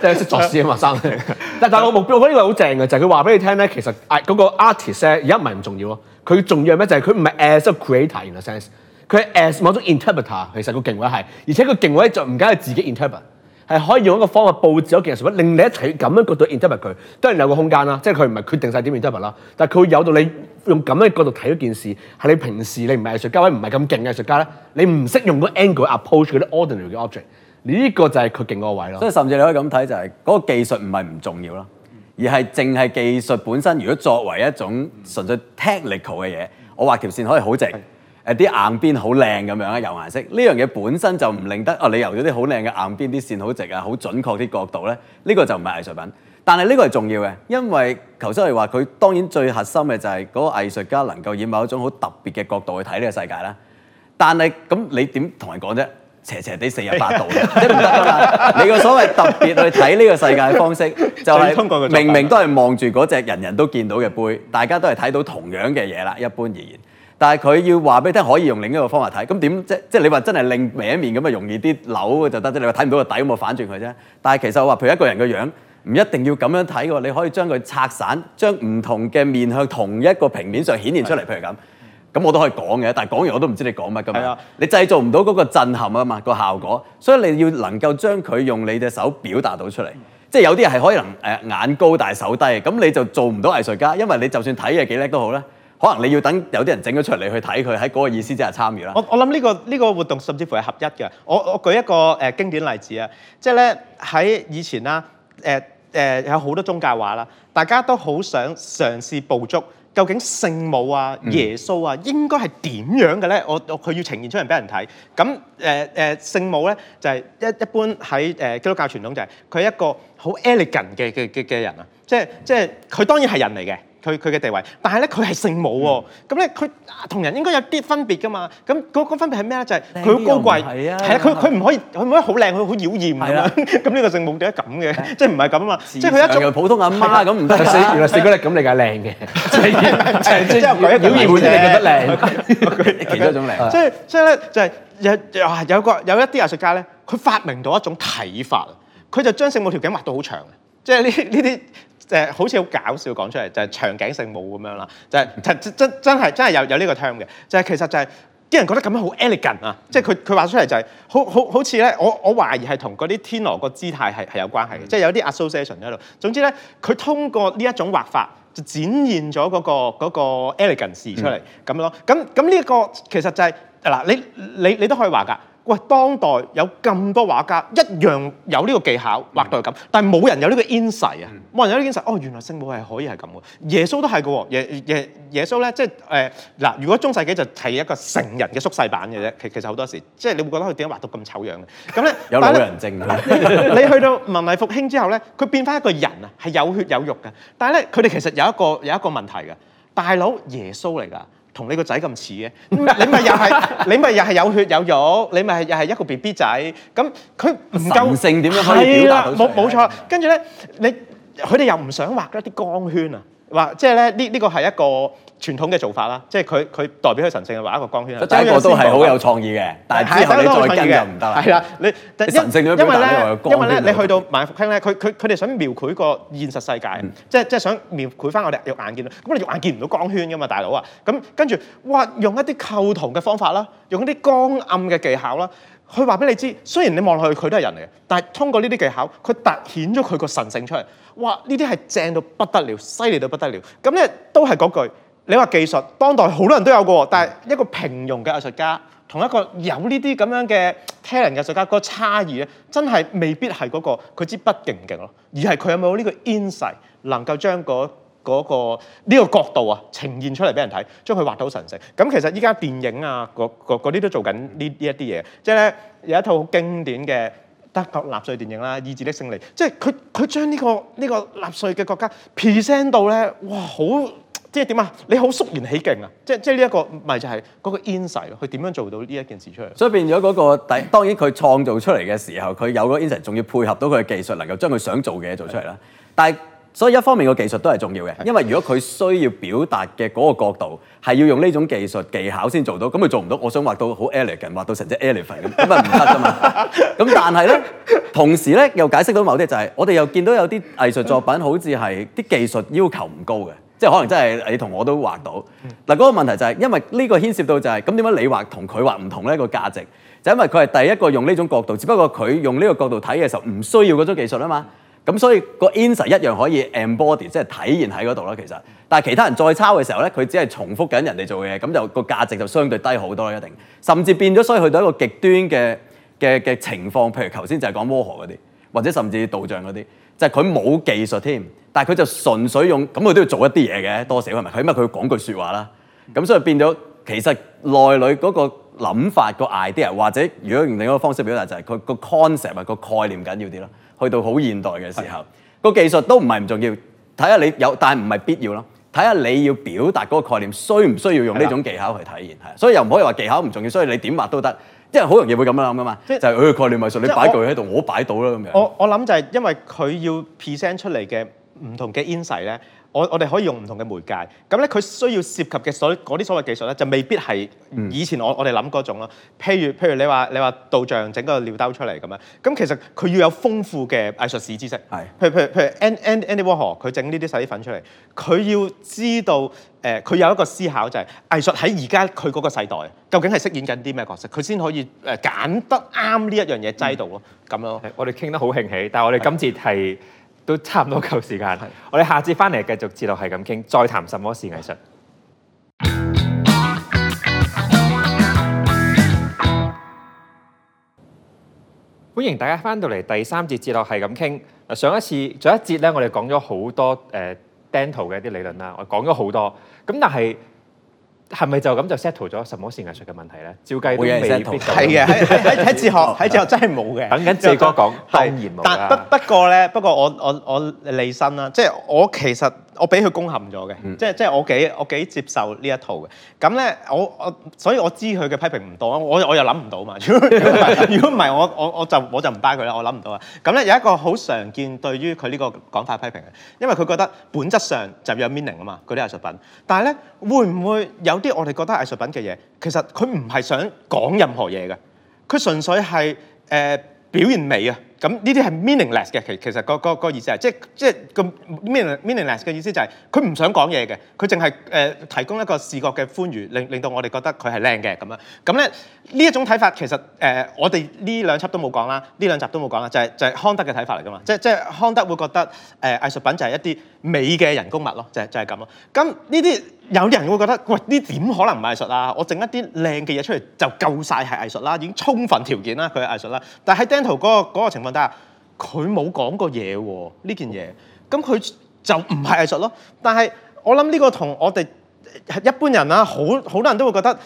即係識作詩啊， 嘛。生 但。但係但係我目標， 我覺得呢個好正嘅就係佢話俾你聽咧。其實誒嗰個 artist 而家唔係唔重要咯。佢重要咩？就係佢唔係 as a creator in a sense，佢 as 某種 interpreter 其實個地位係，而且個地位就唔單係自己 interpret，係可以用一個方法佈置嗰件事物，令你一齊咁樣角度 interpret 佢，當然有個空間啦。即係佢唔係決定晒點 interpret 啦，但係佢會有到你。用咁嘅角度睇一件事，係你平時你唔係藝術家，位唔係咁勁嘅藝術家咧，你唔識用嗰個 angle approach 嗰啲 ordinary 嘅 object，呢個就係佢勁個位咯。所以甚至你可以咁睇，就係、是、嗰、那個技術唔係唔重要咯，而係淨係技術本身。如果作為一種純粹 technical 嘅嘢，我畫條線可以好直，誒啲、呃、硬邊好靚咁樣啊，油顏色呢樣嘢本身就唔令得哦。你油咗啲好靚嘅硬邊，啲線好直啊，好準確啲角度咧，呢、這個就唔係藝術品。但係呢個係重要嘅，因為頭先係話佢當然最核心嘅就係嗰個藝術家能夠以某一種好特別嘅角度去睇呢個世界啦。但係咁你點同人講啫？斜斜地四十八度，即唔得啦！你個所謂特別去睇呢個世界嘅方式，就係明明都係望住嗰隻人人都見到嘅杯，大家都係睇到同樣嘅嘢啦，一般而言。但係佢要話俾你聽，可以用另一個方法睇。咁點即即係你話真係另歪一面咁啊？容易啲扭就得啫。你話睇唔到個底，咁我反轉佢啫。但係其實我話譬如一個人嘅樣。唔一定要咁樣睇喎，你可以將佢拆散，將唔同嘅面向同一個平面上顯現出嚟，譬如咁，咁我都可以講嘅。但係講完我都唔知你講乜㗎嘛，你製造唔到嗰個震撼啊嘛，個效果，所以你要能夠將佢用你隻手表達到出嚟，即係有啲人係可能誒、呃、眼高大手低，咁你就做唔到藝術家，因為你就算睇嘢幾叻都好啦，可能你要等有啲人整咗出嚟你去睇佢，喺嗰個意思即係參與啦。我我諗呢個呢個活動甚至乎係合一嘅。我我舉一個誒、呃、經典例子啊，即係咧喺以前啦，誒、呃。誒、呃、有好多宗教話啦，大家都好想嘗試捕捉究竟聖母啊、耶穌啊應該係點樣嘅咧？我我佢要呈現出嚟俾人睇。咁誒誒聖母咧就係、是、一一般喺誒、呃、基督教傳統就係、是、佢係一個好 elegant 嘅嘅嘅嘅人啊，即係即係佢當然係人嚟嘅。佢佢嘅地位，但係咧佢係聖母喎，咁咧佢同人應該有啲分別㗎嘛？咁嗰嗰分別係咩咧？就係佢好高貴，係啊，佢佢唔可以，佢唔可以好靚，佢好妖豔咁樣。咁呢個聖母點解咁嘅？即係唔係咁嘛？即係佢一種普通阿媽咁，唔得，原來聖嗰粒咁嚟緊係靚嘅，即係之後佢一個妖豔會啲人覺得靚，佢其他種靚。所以所以咧就係有有個有一啲藝術家咧，佢發明到一種睇法啊，佢就將聖母條頸畫到好長嘅，即係呢呢啲。就係、是、好似好搞笑講出嚟，就係、是、長頸聖母咁樣啦，就係、是、真的真真真係有有呢個 term 嘅，就係、是、其實就係、是、啲人覺得咁樣好 elegant 啊，即係佢佢畫出嚟就係、是、好好好似咧，我我懷疑係同嗰啲天鵝個姿態係係有關係嘅，即、就、係、是、有啲 association 喺度。總之咧，佢通過呢一種畫法就展現咗嗰、那個 elegance 出嚟咁咯。咁咁呢一個其實就係、是、嗱，你你你都可以話㗎。喂，當代有咁多畫家一樣有呢個技巧畫到係咁，但係冇人有呢個 insight 啊，冇人有呢個 insight。哦，原來聖母係可以係咁嘅，耶穌都係㗎。耶耶耶穌咧，即係誒嗱，如果中世紀就係一個成人嘅縮細版嘅啫。其其實好多時，即係你會覺得佢點解畫到咁醜樣嘅。咁咧有老人症啊！你去到文藝復興之後咧，佢變翻一個人啊，係有血有肉嘅。但係咧，佢哋其實有一個有一個問題嘅，大佬耶穌嚟㗎。同你個仔咁似嘅、 就是，你咪又係，你咪又係有血有肉，你咪又係一個 B B 仔，咁佢唔夠，神性點樣可以表達到？冇冇錯，跟住咧，你佢哋又唔想畫一啲光圈啊，話即係咧呢呢、這個係一個。傳統嘅做法啦，即係佢佢代表佢神性嘅話一個光圈。第一個都係好有創意嘅，但係之後你再跟就唔得。係啦，你神聖因為光。因為咧，你去到文藝復興咧，佢佢佢哋想描繪個現實世界，嗯、即係即係想描繪翻我哋肉眼見到。咁你肉眼見唔到光圈噶嘛，大佬啊！咁跟住哇，用一啲構圖嘅方法啦，用一啲光暗嘅技巧啦，佢話俾你知，雖然你望落去佢都係人嚟嘅，但係通過呢啲技巧，佢突顯咗佢個神性出嚟。哇！呢啲係正到不得了，犀利到不得了。咁咧都係嗰句。你話技術，當代好多人都有過，但係一個平庸嘅藝術家，同一個有呢啲咁樣嘅 talent 藝術家個差異咧，真係未必係嗰個佢支筆勁唔勁咯，而係佢有冇呢個 insight 能夠將嗰個呢個角度啊呈現出嚟俾人睇，將佢畫到神聖。咁其實依家電影啊，嗰啲都做緊呢呢一啲嘢，即係咧有一套好經典嘅德國納粹電影啦，《意志的勝利》，即係佢佢將呢個呢個納粹嘅國家 present 到咧，哇好！很即係點啊？你好，肅然起敬啊！即係即係呢一個，咪就係、是、嗰個 insight 咯。佢點樣做到呢一件事出嚟？所以變咗嗰個第當然佢創造出嚟嘅時候，佢有嗰 insight，仲要配合到佢嘅技術，能夠將佢想做嘅嘢做出嚟啦。但係所以一方面個技術都係重要嘅，因為如果佢需要表達嘅嗰個角度係要用呢種技術技巧先做到，咁佢做唔到。我想畫到好 elegant，畫到成隻 elephant 咁，咁咪唔得㗎嘛。咁但係咧，同時咧又解釋到某啲就係、是、我哋又見到有啲藝術作品好似係啲技術要求唔高嘅。即係可能真係你同我都畫到嗱，嗰個問題就係，因為呢個牽涉到就係咁點解你畫同佢畫唔同呢個價值？就因為佢係第一個用呢種角度，只不過佢用呢個角度睇嘅時候唔需要嗰種技術啊嘛，咁所以個 ins 係一樣可以 embodied，即係體現喺嗰度啦。其實，但係其他人再抄嘅時候咧，佢只係重複緊人哋做嘅嘢，咁就個價值就相對低好多喇一定，甚至變咗。所以去到一個極端嘅嘅嘅情況，譬如頭先就係講魔學嗰啲，或者甚至杜象嗰啲，就係佢冇技術添。但係佢就純粹用咁，佢都要做一啲嘢嘅，多少係咪？佢起碼佢講句説話啦。咁所以變咗，其實內裏嗰個諗法、嗰個 idea，或者如果用另一個方式表達，就係，就係佢個 concept 啊，個概念緊要啲咯。去到好現代嘅時候，個技術都唔係唔重要，睇下你有，但係唔係必要咯？睇下你要表達嗰個概念，需唔需要用呢種技巧去體現？係，所以又唔可以話技巧唔重要。所以你點畫都得，因為好容易會咁樣諗㗎嘛，就係佢個概念咪、就、術、是，你擺句喺度，我擺到啦咁樣。我我諗就係因為佢要 present 出嚟嘅。唔同嘅 in 勢咧，我我哋可以用唔同嘅媒介，咁咧佢需要涉及嘅所嗰啲所謂技術咧，就未必係以前我我哋諗嗰種咯、嗯。譬如譬如你話你話杜象整個尿兜出嚟咁樣，咁其實佢要有豐富嘅藝術史知識。係。譬如譬如 Andy Andy Warhol 佢整呢啲細粉出嚟，佢要知道誒，佢、呃、有一個思考就係、是、藝術喺而家佢嗰個世代究竟係飾演緊啲咩角色，佢先可以誒揀得啱呢一件事、嗯、一樣嘢擠度咯，咁咯。我哋傾得好興起，但係我哋今次係。是都差唔多夠時間，我哋下節翻嚟繼續節落係咁傾，再談什麼是藝術、嗯。歡迎大家翻到嚟第三節節落係咁傾。上一次做一節咧、呃，我哋講咗好多誒 d e n t a l 嘅一啲理論啦，我講咗好多。咁但係。係咪就咁就 settle 咗什麼是藝術嘅問題呢？照計都未 settle。係嘅，喺哲學，喺哲學真係冇嘅。等緊志哥講，當然冇啦。但不不過呢，不過我我我李生啦，即係我其實。我俾佢攻陷咗嘅，即係即係我幾我幾接受呢一套嘅。咁咧，我我所以我知佢嘅批評唔多，我我又諗唔到嘛。如果唔係，我我我就我就唔 buy 佢啦。我諗唔到啊。咁咧有一個好常見對於佢呢個講法批評嘅，因為佢覺得本質上就有 meaning 啊嘛，嗰啲藝術品。但係咧，會唔會有啲我哋覺得藝術品嘅嘢，其實佢唔係想講任何嘢嘅，佢純粹係誒表現美啊。咁呢啲係 meaningless 嘅，其其實個個個意思係，即即咁 meaningless 嘅意思就係佢唔想講嘢嘅，佢淨係誒提供一個視覺嘅歡愉，令令到我哋覺得佢係靚嘅咁樣。咁咧，呢一種睇法其實，呃、我哋呢兩輯都冇講啦，呢兩集都冇講啦，就係就係康德嘅睇法嚟噶嘛，即即康德會覺得誒藝術品就係一啲美嘅人工物咯，就係就係咁咯。咁呢啲。有人會覺得喂，呢點可能唔係藝術啊？我整一啲靚嘅嘢出嚟就夠晒係藝術啦，已經充分條件啦，佢係藝術啦。但喺 Dental 嗰個嗰個情況底下，佢冇講過嘢喎呢件嘢，咁佢就唔係藝術咯。但係我諗呢個同我哋一般人啦，好好多人都會覺得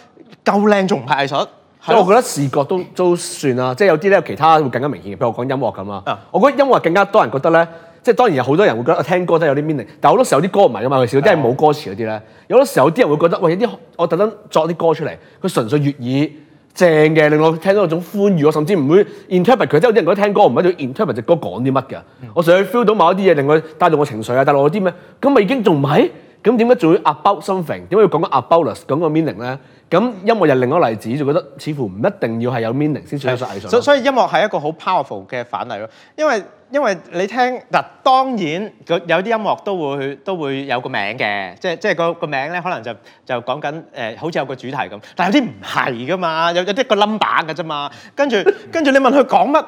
夠靚仲唔係藝術？係我覺得視覺都都算啦，即係有啲咧有其他會更加明顯嘅，譬如我講音樂咁啊、嗯，我覺得音樂更加多人覺得咧。即係當然有好多人會覺得我聽歌真係有啲 meaning，但係好多時候啲歌唔係㗎嘛，佢時有啲係冇歌詞嗰啲咧。有好多時候啲人會覺得喂有啲我特登作啲歌出嚟，佢純粹悅耳正嘅，令我聽到一種歡愉，我甚至唔會 interpret 佢。即係有啲人覺得聽歌唔係要 interpret 隻歌講啲乜嘅，我純粹去 feel 到某一啲嘢，令我帶動我情緒啊，帶落我啲咩，咁咪已經仲唔係？咁點解仲要 about something？點解要講緊 aboutness 講個 meaning 咧？咁音樂又另一個例子，就覺得似乎唔一定要係有 meaning 先算藝術。所以音樂係一個好 powerful 嘅反例咯，因為。因為你聽嗱，當然有啲音樂都會都會有個名嘅，即係即係個個名咧，可能就就講緊誒，好似有個主題咁。但係有啲唔係噶嘛，有有啲個 number 嘅啫嘛。跟住跟住你問佢講乜，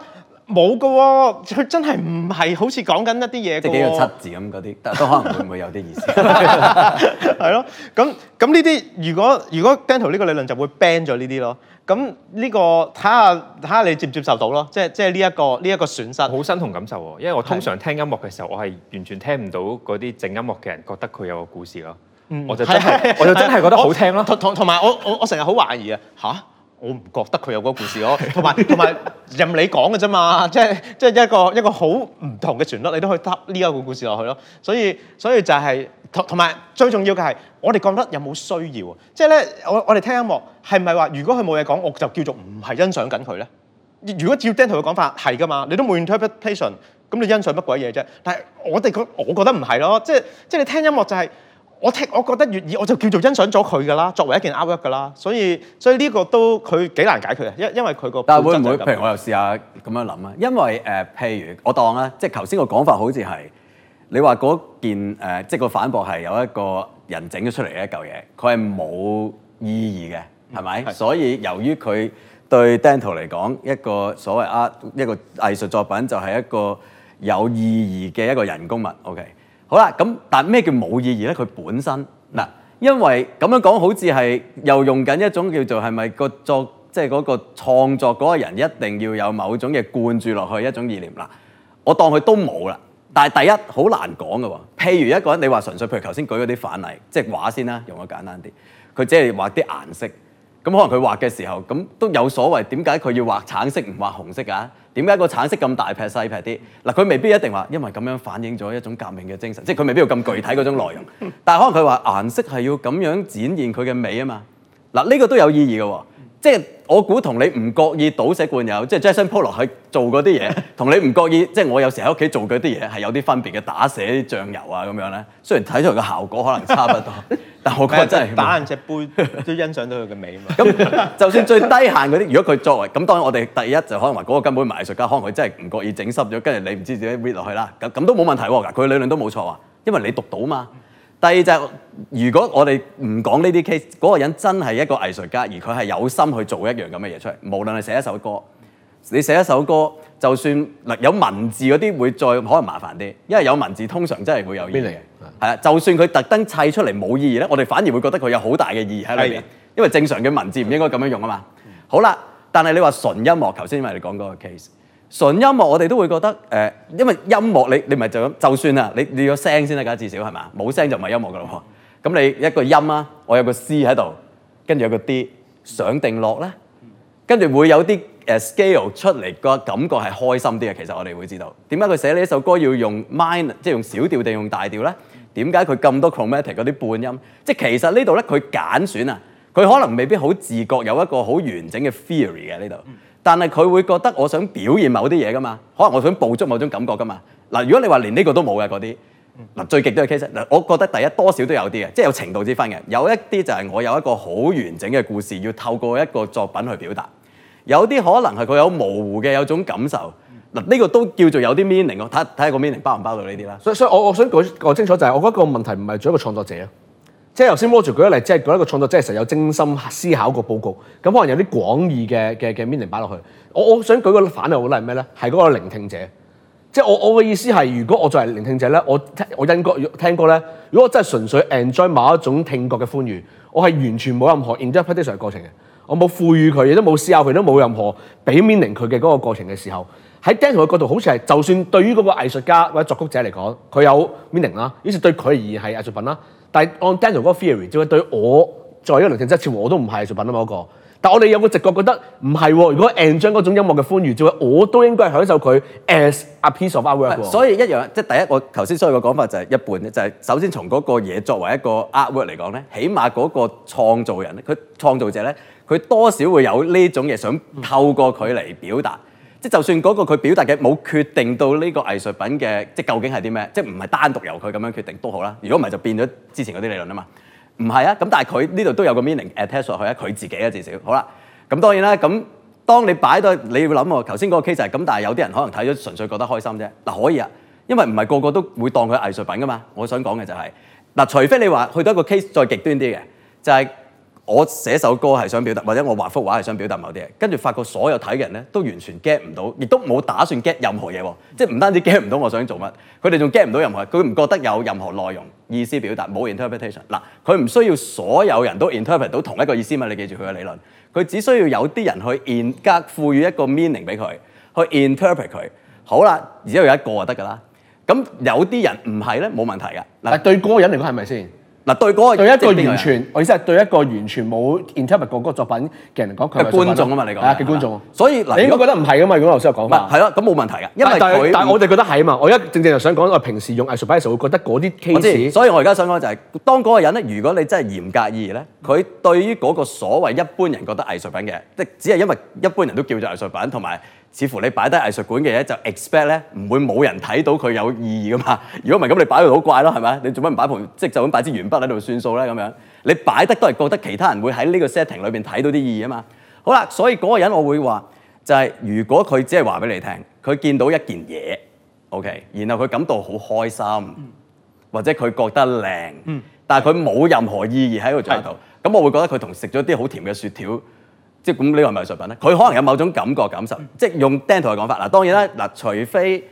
冇嘅喎，佢真係唔係好似講緊一啲嘢。即係幾個七字咁嗰啲， 但都可能會唔會有啲意思。係 咯， 咁咁呢啲，如果如果 gentle 呢個理論就會 ban 咗呢啲咯。咁呢個睇下睇下你接唔接受到咯，即係即係呢一個呢一個損失。好身同感受喎，因為我通常聽音樂嘅時候，我係完全聽唔到嗰啲整音樂嘅人覺得佢有個故事咯。我就真係我就真係覺得好聽咯。同同同埋我我我成日好懷疑啊，吓我唔覺得佢有個故事咯。同埋同埋任你講嘅啫嘛，即係即係一個一個好唔同嘅旋律，你都可以插呢一個故事落去咯。所以所以就係。同同埋最重要嘅係，我哋覺得有冇需要啊？即係咧，我我哋聽音樂係咪話，如果佢冇嘢講，我就叫做唔係欣賞緊佢咧？如果照 Danto 嘅講法，係噶嘛，你都冇 interpretation，咁你欣賞乜鬼嘢啫？但係我哋個我覺得唔係咯，即係即係你聽音樂就係我聽，我覺得粵語我就叫做欣賞咗佢噶啦，作為一件 artwork 噶啦，所以所以呢個都佢幾難解決嘅，因因為佢個但會唔會？譬如我又試下咁樣諗啊，因為誒，譬如我當啊，即係頭先個講法好似係。你話嗰件誒、呃，即係個反駁係有一個人整咗出嚟嘅一嚿嘢，佢係冇意義嘅，係、嗯、咪？所以由於佢對 Danto 嚟講，一個所謂啊一個藝術作品就係一個有意義嘅一個人工物。OK，好啦，咁但咩叫冇意義咧？佢本身嗱，因為咁樣講好似係又用緊一種叫做係咪個作，即係嗰個創作嗰個人一定要有某種嘅灌注落去一種意念啦。我當佢都冇啦。但係第一好難講㗎喎，譬如一個人你話純粹，譬如頭先舉嗰啲反例，即係畫先啦，用個簡單啲，佢只係畫啲顏色，咁可能佢畫嘅時候咁都有所謂，點解佢要畫橙色唔畫紅色啊？點解個橙色咁大劈細劈啲？嗱，佢未必一定話因為咁樣反映咗一種革命嘅精神，即係佢未必要咁具體嗰種內容， 但係可能佢話顏色係要咁樣展現佢嘅美啊嘛。嗱，呢個都有意義㗎喎，即係。我估同你唔覺意倒瀉罐油，即係 Jason Pollock 去做嗰啲嘢，同你唔覺意，即係我有時喺屋企做嗰啲嘢，係有啲分別嘅，打瀉醬油啊咁樣咧。雖然睇出嚟個效果可能差不多， 但我覺得、嗯、真係打爛隻杯 都欣賞到佢嘅美啊嘛。咁 就算最低限嗰啲，如果佢作為咁，當然我哋第一就可能話嗰個根本唔係藝術家，可能佢真係唔覺意整濕咗，跟住你唔知自己 read 落去啦。咁咁都冇問題喎，佢理論都冇錯啊，因為你讀到啊嘛。第二就係，如果我哋唔講呢啲 case，嗰個人真係一個藝術家，而佢係有心去做一樣咁嘅嘢出嚟。無論係寫一首歌，你寫一首歌，就算嗱有文字嗰啲會再可能麻煩啲，因為有文字通常真係會有意義嘅。係啊，就算佢特登砌出嚟冇意義咧，我哋反而會覺得佢有好大嘅意義喺裏邊，因為正常嘅文字唔應該咁樣用啊嘛。係，好啦，但係你話純音樂，頭先因為你講嗰個 case。純音樂我哋都會覺得誒、呃，因為音樂你你咪就咁就算啦，你你有聲先得噶，至少係嘛？冇聲就唔係音樂噶咯喎。咁你一個音啦，我有個 C 喺度，跟住有個 D，上定落咧，跟住會有啲誒 scale 出嚟個感覺係開心啲嘅。其實我哋會知道點解佢寫呢一首歌要用 minor 即係用小調定用大調咧？點解佢咁多 chromatic 嗰啲半音？即係其實呢度咧，佢揀選啊，佢可能未必好自覺有一個好完整嘅 theory 嘅呢度。但係佢會覺得我想表現某啲嘢㗎嘛？可能我想捕捉某種感覺㗎嘛？嗱，如果你話連呢個都冇嘅嗰啲，嗱、嗯、最極都係 case。嗱，我覺得第一多少都有啲嘅，即係有程度之分嘅。有一啲就係我有一個好完整嘅故事，要透過一個作品去表達。有啲可能係佢有模糊嘅，有種感受嗱，呢、這個都叫做有啲 meaning。我睇睇下個 meaning 包唔包到呢啲啦。所以所以我，我我想講講清楚就係、是、我覺得個問題唔係做一個創作者。即係頭先 Mojo 舉一例，即係舉一個創作，即係實有精心思考個報告。咁可能有啲廣義嘅嘅嘅 meaning 擺落去。我我想舉個反例，好咧係咩咧？係嗰個聆聽者。即係我我嘅意思係，如果我作為聆聽者咧，我我欣歌聽歌咧，如果我真係純粹 enjoy 某一種聽覺嘅歡愉，我係完全冇任何 interpretation 過程嘅。我冇賦予佢，亦都冇思考佢，亦都冇任何俾 meaning 佢嘅嗰個過程嘅時候，喺 Daniel 嘅角度，好似係就算對於嗰個藝術家或者作曲者嚟講，佢有 meaning 啦，於是對佢而言係藝術品啦。但係，按 Daniel 嗰 theory，即係對我作為一個聆聽者，全部我都唔係藝術品啊嘛嗰個。但係我哋有冇直覺覺得唔係喎。如果 enjoy 嗰種音樂嘅歡愉，即係我都應該係享受佢 as a piece of artwork，哦。所以一樣，即係第一，我頭先所講嘅講法就係一半咧，就係、是、首先從嗰個嘢作為一個 artwork 嚟講咧，起碼嗰個創造人，佢創造者咧，佢多少會有呢種嘢想透過佢嚟表達。嗯即就算嗰個佢表達嘅冇決定到呢個藝術品嘅即究竟係啲咩？即係唔係單獨由佢咁樣決定都好啦。如果唔係就變咗之前嗰啲理論啊嘛。唔係啊，咁但係佢呢度都有個 meaning attached 落去啊，佢自己啊至少。好啦，咁當然啦。咁當你擺到你要諗喎，頭先嗰個 case 就係咁，但係有啲人可能睇咗純粹覺得開心啫。嗱，可以啊，因為唔係個個都會當佢藝術品㗎嘛。我想講嘅就係、是、嗱，除非你話去到一個 case 再極端啲嘅就係、是。我寫首歌係想表達，或者我畫幅畫係想表達某啲嘢，跟住發覺所有睇嘅人咧都完全 get 唔到，亦都冇打算 get 任何嘢喎。即係唔單止 get 唔到我想做乜，佢哋仲 get 唔到任何，佢唔覺得有任何內容意思表達冇 interpretation。嗱，佢唔需要所有人都 interpret 到同一個意思嘛。你記住佢嘅理論，佢只需要有啲人去 in，賦予一個 meaning 俾佢，去 interpret 佢。好啦，而家有一個就得噶啦。咁有啲人唔係咧，冇問題嘅。但對個人嚟講係咪先？嗱、對嗰個，對一個完全，我意思係對一個完全冇 interpret 過嗰個作品嘅人嚟講，佢嘅觀眾啊嘛，你講係嘅觀眾，所以你應該覺得唔係噶嘛，如果我頭先又講唔係，係咯，咁冇問題噶，因為佢，但係我哋覺得係啊嘛，我一正正就想講，我平時用藝術品嘅時候會覺得嗰啲 case，所以我而家想講就係、是，當嗰個人咧，如果你真係嚴格意義咧，佢對於嗰個所謂一般人覺得藝術品嘅，即係只係因為一般人都叫做藝術品，同埋。似乎你擺低藝術館嘅嘢就 expect 咧唔會冇人睇到佢有意義㗎嘛？如果唔係咁，你擺到好怪咯，係咪？你做乜唔擺盤？即係就咁擺支鉛筆喺度算數咧咁樣？你擺得都係覺得其他人會喺呢個 setting 裏邊睇到啲意義啊嘛。好啦，所以嗰個人我會話就係、是，如果佢只係話俾你聽，佢見到一件嘢，OK，然後佢感到好開心，嗯、或者佢覺得靚、嗯，但係佢冇任何意義喺度做到，咁我會覺得佢同食咗啲好甜嘅雪條。即係咁呢個係咪藝術品咧，佢可能有某種感覺感受。即係用 Dental 嘅講法嗱，當然啦嗱，除非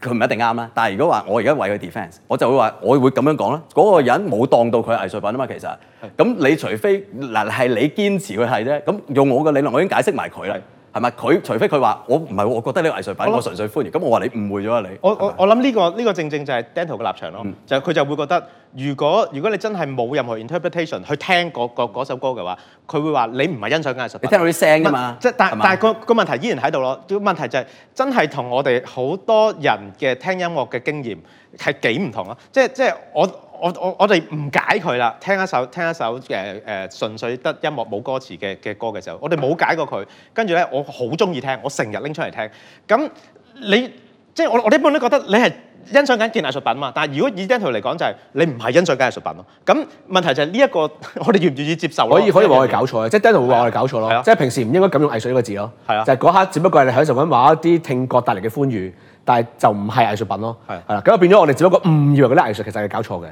佢唔一定啱啦。但係如果話我而家為佢 defense，我就會話我會咁樣講啦。嗰個人冇當到佢係藝術品啊嘛，其實咁你除非嗱係你堅持佢係啫。咁用我嘅理論，我已經解釋埋佢啦。係咪？佢除非佢話我唔係，我覺得你個藝術品我，我純粹歡迎。咁我話你誤會咗啊！你我我我諗呢、呢個呢、呢個正正就係 Dental 嘅立場咯。嗯、就佢就會覺得，如果如果你真係冇任何 interpretation 去聽嗰首歌嘅話，佢會話你唔係欣賞緊藝術品。你聽到啲聲㗎嘛？即係但但係個個問題依然喺度咯。個問題就係、是、真係同我哋好多人嘅聽音樂嘅經驗係幾唔同啊！即係即係我。我我我哋唔解佢啦，聽一首聽一首誒誒純粹得音樂冇歌詞嘅嘅歌嘅時候，我哋冇解過佢。跟住咧，我好中意聽，我成日拎出嚟聽。咁你即係我我一般都覺得你係欣賞緊件藝術品嘛。但係如果以 Danto 嚟講，就係、是、你唔係欣賞緊藝術品咯。咁問題就係呢一個我哋願唔願意接受？可以可以話我哋搞錯、就是，即係 Danto 會話我哋搞錯咯。即係平時唔應該咁用藝術呢個字咯。係啊，就係、是、嗰刻只不過係你享受緊話一啲聽覺帶嚟嘅歡愉。但係就唔係藝術品咯，係係啦，咁就變咗我哋只不過誤以為嗰啲藝術，其實係搞錯嘅。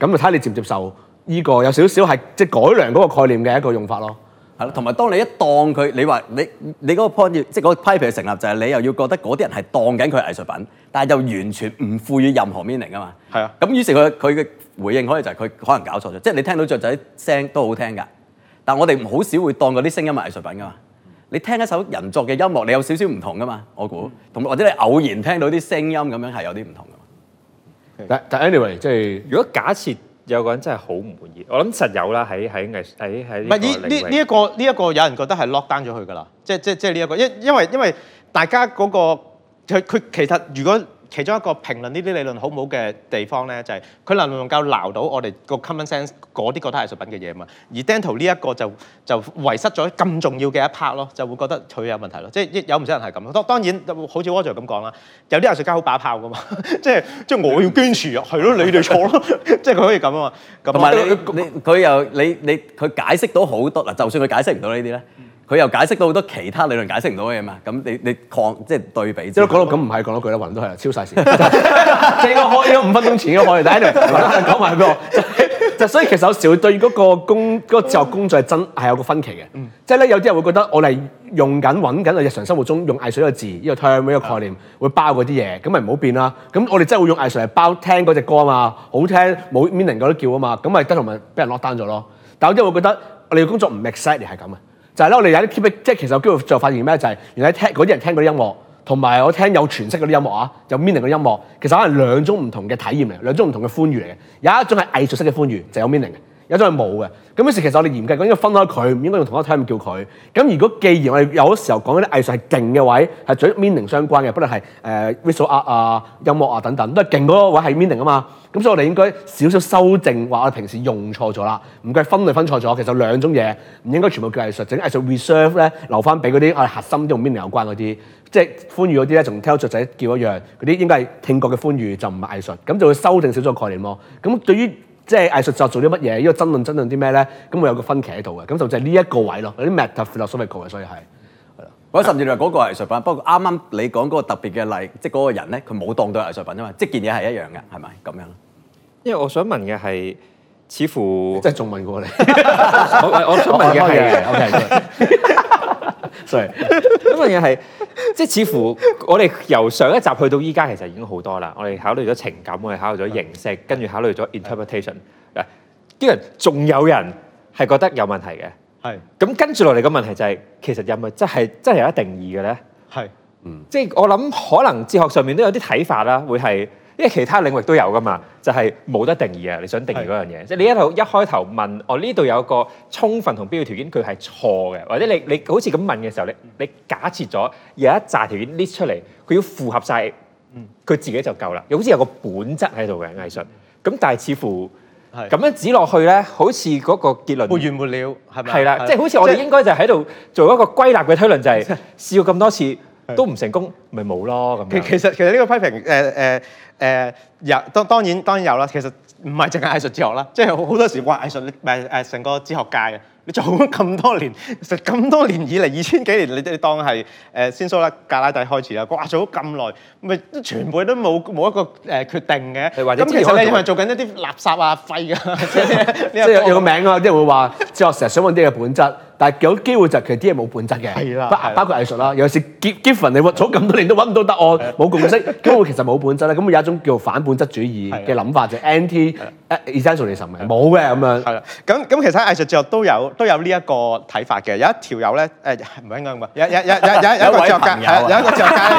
咁就睇下你接唔接受呢個有少少係即係改良嗰個概念嘅一個用法咯。係咯，同埋當你一當佢，你話你你嗰個 point 即係嗰個批評嘅成立，就係你又要覺得嗰啲人係當緊佢係藝術品，但係就完全唔賦予任何 meaning 噶嘛。係啊，咁於是佢佢嘅回應可以就係佢可能搞錯咗。即係你聽到雀仔聲都好聽㗎，但係我哋好少會當嗰啲聲音係藝術品㗎嘛。你聽一首人作嘅音樂，你有少少唔同㗎嘛？我估，同、嗯、或者你偶然聽到啲聲音咁樣係有啲唔同㗎嘛？但、okay. 但 anyway，即、就、係、係、如果假設有個人真係好唔滿意，我諗實有啦，喺喺藝喺喺唔係呢呢呢一個呢一、呢個呢個有人覺得係 lock down 咗佢㗎喇，即即即係呢一個，因因為因為大家嗰、嗰個佢佢其實如果。其中一個評論呢啲理論好唔好嘅地方咧，就係、是、佢能唔能夠鬧到我哋個 common sense 嗰啲覺得藝術品嘅嘢嘛？而 Dental 呢一個就就遺失咗咁重要嘅一 part 咯，就會覺得佢有問題咯。即、就、係、是、有唔少人係咁咯。當當然就好似 Roger 咁講啦，有啲藝術家好把炮㗎嘛，即係即係我要堅持，係 咯，你哋錯咯，即係佢可以咁啊嘛。同埋你佢又你你佢解釋到好多嗱，就算佢解釋唔到呢啲咧。佢又解釋到好多其他理論解釋唔到嘅嘢嘛？咁你你擴即係對比即係講到咁唔係講多句啦，雲都係超晒時間。正 我開咗五分鐘前嘅哋第一你講埋個就是、所以其實有時會對嗰個工嗰、嗰個自學工作係真係有個分歧嘅。即係咧，有啲人會覺得我哋用緊揾緊喺日常生活中用藝術呢個字呢、呢個 term 呢個概念、嗯、會包嗰啲嘢，咁咪唔好變啦。咁我哋真係會用藝術嚟包聽嗰隻歌啊嘛，好聽冇 meaning 嗰啲叫啊嘛，咁咪得同埋俾人落單咗咯。但有啲人會覺得我哋嘅工作唔 exciting 係咁啊。就係、是、我哋有啲 keep 即係其實有機會最後發現咩？就係原來聽嗰啲人聽嗰啲音樂，同埋我聽有詮釋嗰啲音樂啊，有 meaning 嗰啲音樂，其實可能兩種唔同嘅體驗嚟，兩種唔同嘅歡愉嚟嘅。有一種係藝術式嘅歡愉，就有 meaning 嘅。有種係冇嘅，咁於是其實我哋嚴格講，應該分開佢，唔應該用同一個 term 叫佢。咁如果既然我哋有時候講嗰啲藝術係勁嘅位，係最 meaning 相關嘅，不論係誒 visual 啊、音樂啊等等，都係勁嗰個位係 meaning 啊嘛。咁所以我哋應該少少修正，話我哋平時用錯咗啦，唔該分類分錯咗。其實兩種嘢唔應該全部叫藝術，整藝術 reserve 咧留翻俾嗰啲我哋核心啲用 meaning 有關嗰啲，即係歡愉嗰啲咧，仲聽雀仔叫一樣，嗰啲應該係聽覺嘅歡愉就唔係藝術，咁就會修正少少概念，咁對於即係藝術就做啲乜嘢？呢個爭論爭論啲咩咧？咁會有個分歧喺度嘅，咁就就係呢一個位咯。有啲 meta philosophical 嘅，所以係係啦。或者甚至話嗰個係藝術品，不過啱啱你講嗰個特別嘅例，即嗰個人咧，佢冇當到係藝術品啊嘛。即件嘢係一樣嘅，係咪咁樣？因為我想問嘅係，似乎即係仲問過你。我我想問嘅係 O K。所 以、就是，咁嘅嘢係，即係似乎我哋由上一集去到依家，其實已經好多啦。我哋考慮咗情感，我哋考慮咗形式，跟住考慮咗 interpretation。嗱，啲人仲有人係覺得有問題嘅，係。咁跟住落嚟嘅問題就係、是，其實有冇即係真係有一定義嘅咧。係，嗯，即係我諗可能哲學上面都有啲睇法啦，會係。因為其他領域都有噶嘛，就係、是、冇得定義啊！你想定義嗰樣嘢，即係你一路、哦、一開頭問哦，呢度有個充分同必要條件，佢係錯嘅，或者你你好似咁問嘅時候，你你假設咗有一紮條件 list 出嚟，佢要符合晒，佢自己就夠啦。又好似有個本質喺度嘅藝術，咁但係似乎咁樣指落去咧，好似嗰個結論沒完沒了係咪？係啦，即係、就是、好似我哋應該就喺度做一個歸納嘅推論，就係、是、試過咁多次都唔成功，咪冇咯咁。其實其實呢個批評、呃，誒、呃、誒。誒、呃、有，當當然當然有啦。其實唔係淨係藝術哲學啦，即係好多時哇，藝術唔係誒成個哲學界嘅。你做咗咁多年，其實咁多年以嚟二千幾年，你你當係誒、呃、先蘇拉、格拉底開始啦。哇，做咗咁耐，咪全部都冇冇一個誒決定嘅。咁其實你因為做緊一啲垃圾啊廢嘅。即係有個名啊，即係、 啊、會話哲 學成日想揾啲嘅本質。但係有機會就係其實啲嘢冇本質嘅，包包括藝術啦。有時 given 你搵咗咁多年都揾唔到答案，冇共識，機會其實冇本質啦。咁有一種叫反本質主義嘅諗法是的就 anti-essentialism 嘅冇嘅咁樣。係啦，咁咁其實喺藝術界都有都有呢一個睇法嘅。有一條友咧誒唔係應該咁有有有有有有一個作家，有一個作家、呃，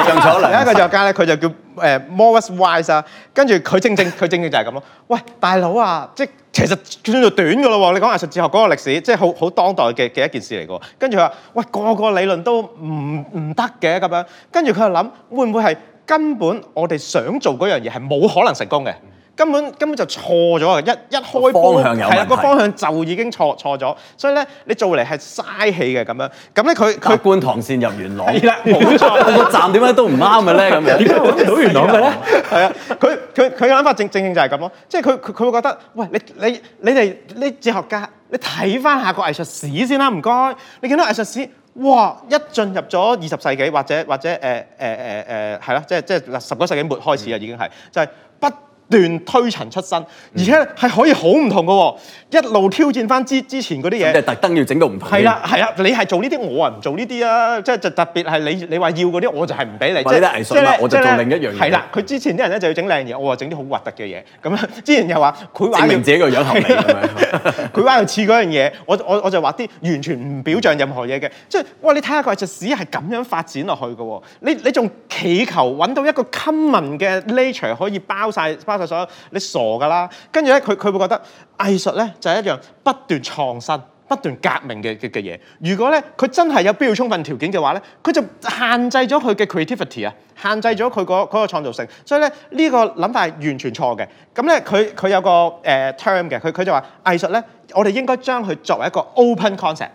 有一個作家咧，佢、 啊、 就叫誒 Morris Wise 啊。跟住佢正正佢 正正就係咁咯。喂，大佬啊，即其實算做短嘅咯喎，你講藝術哲學嗰個歷史，即係好好當代嘅嘅一件事嚟嘅。跟住佢話，喂，個個理論都唔唔得嘅咁樣，跟住佢就諗會唔會係根本我哋想做嗰樣嘢係冇可能成功嘅。根本根本就錯咗嘅，一一開波係啦，方個方向就已經錯錯咗，所以咧你做嚟係嘥氣嘅咁樣。咁咧，佢佢觀塘線入元朗，冇 錯。 個站點解都唔啱嘅咧？咁樣點解入到元朗嘅咧？係 啊，佢佢佢嘅諗法正正正就係咁咯。即係佢佢會覺得，喂你你你哋呢哲學家，你睇翻下個藝術史先啦。唔該，你見到藝術史，哇，一進入咗二十世紀，或者或者誒誒誒誒係啦，即係即係十九世紀末開始啊，嗯、已經係就係、是、不。斷推陳出新，而且係可以好唔同嘅、哦，一路挑戰翻之之前嗰啲嘢。即係特登要整到唔同。係啦，係啦，你係做呢啲，我係唔做呢啲啊！即係就特別係你你話要嗰啲，我就係唔俾你。即係藝術物，我就做另一樣嘢。係啦，佢之前啲人咧就要整靚嘢，我話整啲好核突嘅嘢。咁、嗯、樣之前又話佢話佢話明自己個樣後尾係咪？佢話又似嗰樣嘢，我我我就畫啲完全唔表象任何嘢嘅、嗯。即係哇！你睇下佢隻屎係咁樣發展落去嘅喎、哦，你你仲祈求揾到一個 common 嘅 nature 可以包晒。我想你傻噶啦，跟住咧，佢佢會覺得藝術咧就係一樣不斷創新、不斷革命嘅嘅嘅嘢。如果咧佢真係有必要充分條件嘅話咧，佢就限制咗佢嘅 creativity 啊，限制咗佢個嗰個創造性。所以咧呢個諗法係完全錯嘅。咁咧佢佢有個誒 term 嘅，佢佢就話藝術咧，我哋應該將佢作為一個 open concept。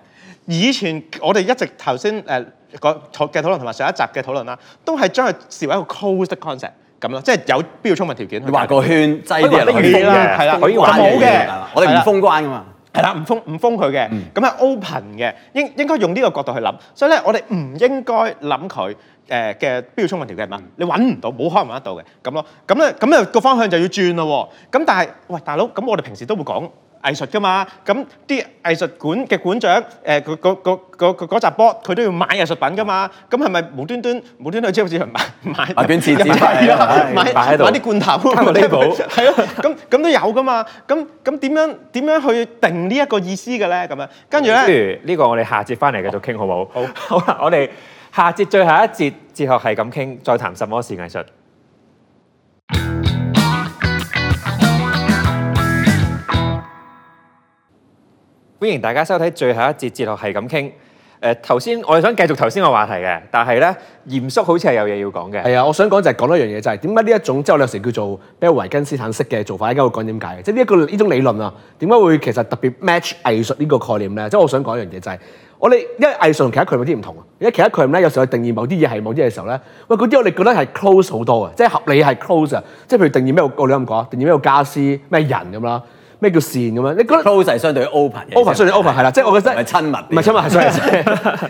以前我哋一直頭先誒講嘅討論同埋上一集嘅討論啦，都係將佢視為一個 closed concept。咁咯，即係有必要充分條件去畫個圈擠啲人入去啦，可以冇嘅，我哋唔封關噶嘛，係啦，唔封唔封佢嘅，咁、嗯、係 open 嘅，應應該用呢個角度去諗，嗯、所以咧我哋唔應該諗佢誒嘅必要充分條件係嘛？嗯、你揾唔到，冇可能揾得到嘅，咁咯，咁咧咁咧個方向就要轉咯，咁但係，喂大佬，咁我哋平時都會講，藝術噶嘛，咁啲藝術館嘅館長，誒、呃，佢嗰嗰嗰嗰集波，佢都要買藝術品噶嘛，那是是，咁係咪無端端無端端即係好似買買捐錢咁？係啊，買買啲罐頭，攤個呢鋪，係咯，咁咁都有噶嘛，咁咁點樣點樣去定呢一個意思嘅咧？咁樣跟住咧，不如呢、呢個我哋下節翻嚟繼續傾好唔好？好，好啦，我哋下節最後一節哲學係咁傾，再談甚麼是藝術？歡迎大家收睇最後一節哲學係咁傾。誒頭先我係想繼續頭先個話題嘅，但係咧鹽叔好似係有嘢要講嘅。係啊，我想講就係講一樣嘢，就係點解呢一種即係我哋有時叫做比維根斯坦式嘅做法，而家會講點解嘅？即係呢一個呢種理論啊，點解會其實特別 match 藝術呢個概念咧？即係我想講一樣嘢就係，我哋因為藝術同其他概念啲唔同啊，因為其他概念咧，有時候定義某啲嘢係某啲嘢嘅時候咧，喂嗰啲我哋覺得係 close 好多啊，即係合理係 close 啊。即係譬如定義咩？我我哋咁講，定義咩叫傢俬咩人咁啦。咩叫線咁樣？你覺得 close 係相對 open，open 相對 open 係啦，即係、就是、我覺得唔係親密唔係親密係相對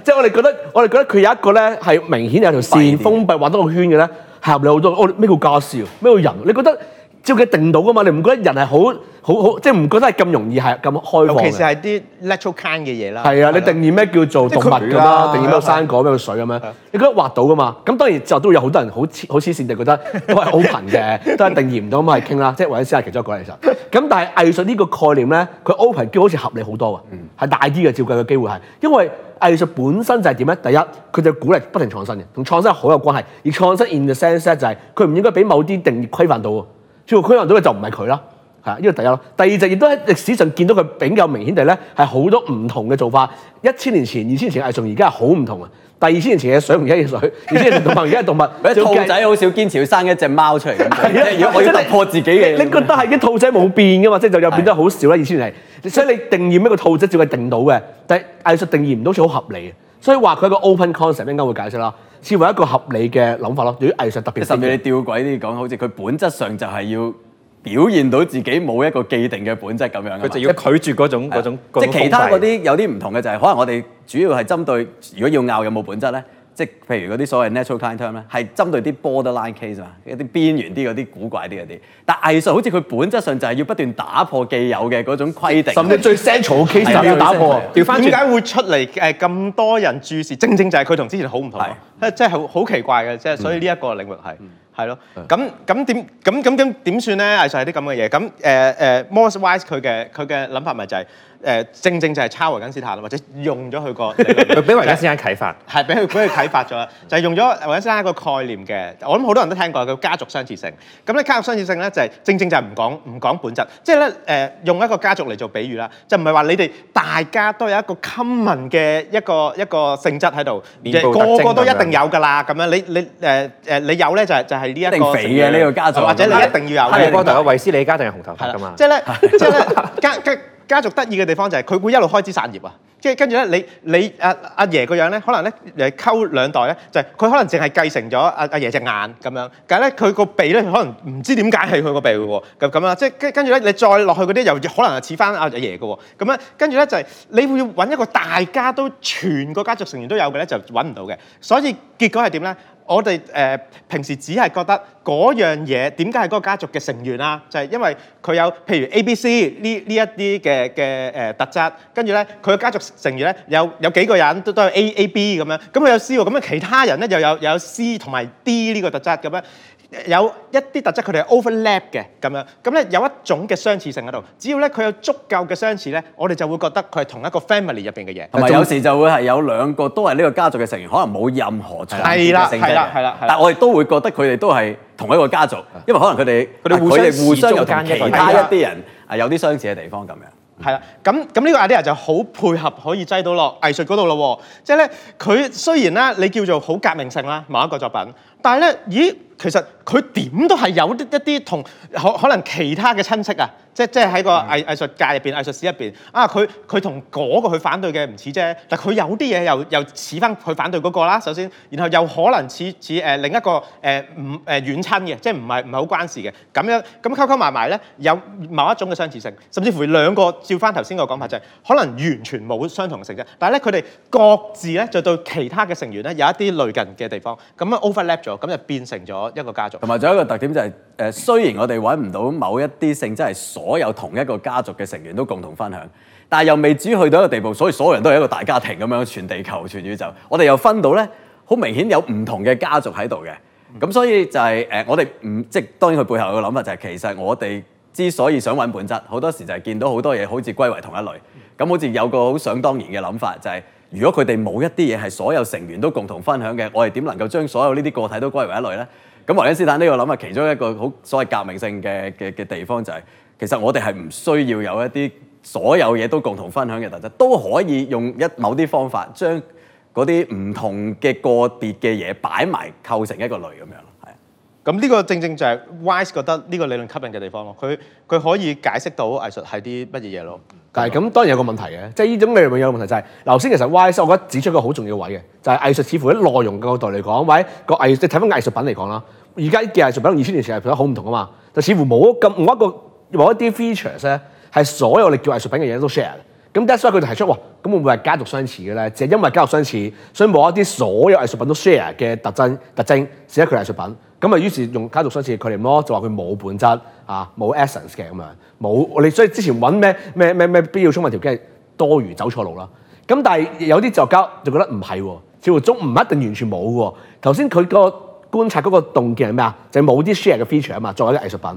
即係我哋覺得，我哋覺得佢有一個咧係明顯有條線，封閉玩多個圈嘅咧，係入唔到好多。哦，咩叫家事？咩叫人？你覺得？照佢定到噶嘛？你唔覺得人係好好好，即係唔覺得係咁容易係咁開放，尤其是係啲 natural kind 嘅嘢啦。係啊，啊，你定義咩叫做動物㗎啦、啊？定義咩生果咩、啊、水咁樣、啊，你覺得畫到噶嘛？咁當然就都會有好多人好黐好黐線，地覺得都係 open 嘅， 都係定義唔到咁係傾啦。即係或者先係其中一個 藝術咁，但係藝術呢個概念咧，佢 open 嘅機會好似合理好多㗎，係、嗯、大啲嘅照計嘅機會係，因為藝術本身就係點咧？第一，佢就鼓勵不停創新嘅，同創新好有關係。而創新 in the sense 咧，就係佢唔應該俾某啲定義規範到。做區分到嘅就唔係佢啦，係啊，呢個第一咯。第二就亦都喺歷史上見到佢比較明顯地咧，係好多唔同嘅做法。一千年前，二千年前嘅藝術現在很不，而家好唔同啊。但二千年前嘅水，唔一樣嘅水， 二千年前動物，而家係動物。兔仔好少堅持要生一隻貓出嚟嘅，真係破自己嘅。你覺得係啲兔仔冇變噶嘛？即係就又變得好少啦。二千年嚟，所以你定義一個兔仔，只係定到嘅，但係藝術定義唔到，好似好合理啊。所以話佢係一個 open concept，應該會解釋啦。似為一個合理嘅諗法咯，對於藝術特別，甚至你吊詭啲講，好似佢本質上就係要表現到自己冇一個既定嘅本質咁樣，佢就要拒絕嗰種嗰種。即係其他嗰啲有啲唔同嘅就係、是，可能我哋主要係針對，如果要拗有冇本質咧？即係譬如嗰啲所謂 natural timenatural kind term 咧，係針對啲 borderline case 嘛，一啲邊緣啲嗰啲古怪啲嗰啲。但藝術好似佢本質上就係要不斷打破既有嘅嗰種規定，甚至最 central 嘅 case 就要打破。點解會出嚟誒咁多人注視？正正就係佢同之前好唔同啊！即係好好奇怪嘅，即係所以呢一個領域係係咯。咁咁點咁咁咁點算咧？藝術係啲咁嘅嘢。咁誒誒，Morris Weitz 佢嘅佢嘅諗法咪就係。誒正正就係抄維根斯坦咯，或者用咗佢個俾維根斯坦啟發，係俾佢俾佢啟發咗，就係用咗維根斯坦一個概念嘅。我諗好多人都聽過叫家族相似性。咁咧家族相似性咧就係正正就係唔講唔講本質。即係咧誒用一個家族嚟做比喻啦，就唔係話你哋大家都有一個 common 嘅一個一個性質喺度，即係個個都一定有㗎啦。咁樣你你誒誒你有咧就係就係呢一個肥嘅呢個家族，或者你一定要有哈利波特嘅維斯理家定係紅頭髮㗎嘛？即係咧即係咧家家。家族得意嘅地方就係佢會一路開枝散葉啊！即係跟住咧，你你阿阿爺個樣咧，可能咧誒溝兩代咧，就係佢可能淨係繼承咗阿阿爺隻眼咁樣，但係咧佢個鼻咧可能唔知點解係佢個鼻嘅喎咁咁啊！即係跟跟住咧，你再落去嗰啲又可能係似翻阿阿爺嘅喎咁樣，跟住咧就係你會要揾一個大家都全個家族成員都有嘅咧就揾唔到嘅，所以結果係點咧？我哋誒、呃、平時只係覺得嗰樣嘢點解係嗰個家族嘅成員啊？就係、係、因為佢有譬如 A、B、C、B、C、呃、呢呢一啲嘅嘅誒特質，跟住咧佢嘅家族成員咧有有幾個人都都係 A、A、B 咁樣，咁佢有 C 喎，咁樣其他人咧又有有 C 同埋 D 呢個特質咁樣。有一啲特質，佢哋係 overlap 嘅咁樣，咁咧有一種嘅相似性喺度。只要咧佢有足夠嘅相似咧，我哋就會覺得佢係同一個 family 入邊嘅嘢。同埋有時就會係有兩個都係呢個家族嘅成員，可能冇任何差別嘅性格。係啦，係啦，係啦。但我哋都會覺得佢哋都係同一個家族，因為可能佢哋佢哋互相又同其他一啲人係有啲相似嘅地方咁樣。係啦，咁咁呢個 idea 就好配合可以擠到落藝術嗰度咯。即係咧，佢雖然咧你叫做好革命性啦某一個作品，但係咧，咦？其實佢點都係有啲一啲同可可能其他嘅親戚啊，即即係喺個藝藝術界入邊、藝術史入邊啊，佢佢同嗰個佢反對嘅唔似啫，但佢有啲嘢又又似翻佢反對嗰個啦。首先，然後又可能似似誒另一個誒唔誒遠親嘅，即係唔係唔係好關事嘅咁樣，咁溝溝埋埋咧有某一種嘅相似性，甚至乎兩個照翻頭先個講法就係可能完全冇相同性啫。但係咧，佢哋各自咧就對其他嘅成員咧有一啲類近嘅地方，咁樣 overlap 咗，咁就變成咗。一個家族，同埋仲有一個特點就係、是、誒、呃，雖然我哋揾唔到某一啲性質係所有同一個家族嘅成員都共同分享，但係又未至於去到一個地步，所以所有人都係一個大家庭咁樣，全地球、全宇宙，我哋又分到咧，好明顯有唔同嘅家族喺度嘅。咁、嗯、所以就係、是呃、我哋唔即係當然，佢背後嘅諗法就係、是、其實我哋之所以想揾本質，好多時就係見到很多東西好多嘢好似歸為同一類，咁好似有個好想當然嘅諗法就係、是，如果佢哋冇一啲嘢係所有成員都共同分享嘅，我哋點能夠將所有呢啲個體都歸為一類咧？咁維根斯坦呢個諗啊，其中一個好所謂革命性嘅嘅嘅地方就係，其實我哋係唔需要有一啲所有嘢都共同分享嘅特質，都可以用一某啲方法將嗰啲唔同嘅個別嘅嘢擺埋構成一個類咁樣咯。係咁呢個正正就係 Wise 覺得呢個理論吸引嘅地方咯。佢佢可以解釋到藝術係啲乜嘢嘢咯。但係咁當然有個問題嘅，即係呢種理論有個問題就係、是，頭先其實 Wise 我覺得指出一個好重要位嘅，就係、是、藝術似乎喺內容嘅角度嚟講，或者個藝你睇翻藝術品嚟講啦？而家嘅藝術品前很不同二千年時，係其實好唔同啊嘛，就似乎冇咁冇一個冇一啲 features 咧係所有你叫藝術品嘅嘢都 share。咁但 h 所以佢就提出話，咁會唔會係家族相似嘅咧？就因為家族相似，所以冇一啲所有藝術品都 share 嘅特徵特徵，使佢藝術品。咁啊，於是用家族相似嘅概念咯，他們就話佢冇本質啊，冇 essence 嘅咁樣，冇你所以之前揾咩咩咩咩必要充分條件係多餘走錯路啦。咁但係有啲作家就覺得唔係喎，似乎中唔一定完全冇喎。頭先佢個。觀察嗰個洞見係咩啊？就係冇啲 share 嘅 feature 啊嘛，作為個藝術品。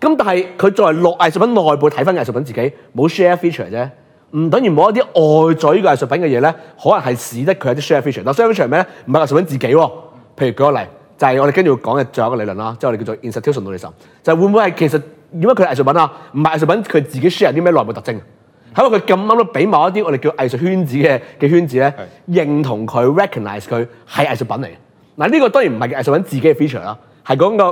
咁但係佢作為六藝術品，內部睇返藝術品自己冇 share feature 啫，唔等於冇一啲外在呢個藝術品嘅嘢咧，可能係使得佢有啲 share feature。那 share feature 咩唔係藝術品自己喎。譬如舉個例，就係我哋跟住要講嘅最後一個理論啦，即係我哋叫做 institutionalism，就係會唔會係其實點解佢係藝術品啊？唔係藝術品佢自己 share 啲咩內部特徵？係因為佢咁啱都俾某一啲我哋叫藝術圈子嘅嘅圈子咧，認同佢 recognize 佢係藝術品嚟。嗱，呢個當然唔係藝術品自己嘅 feature 啦，係講個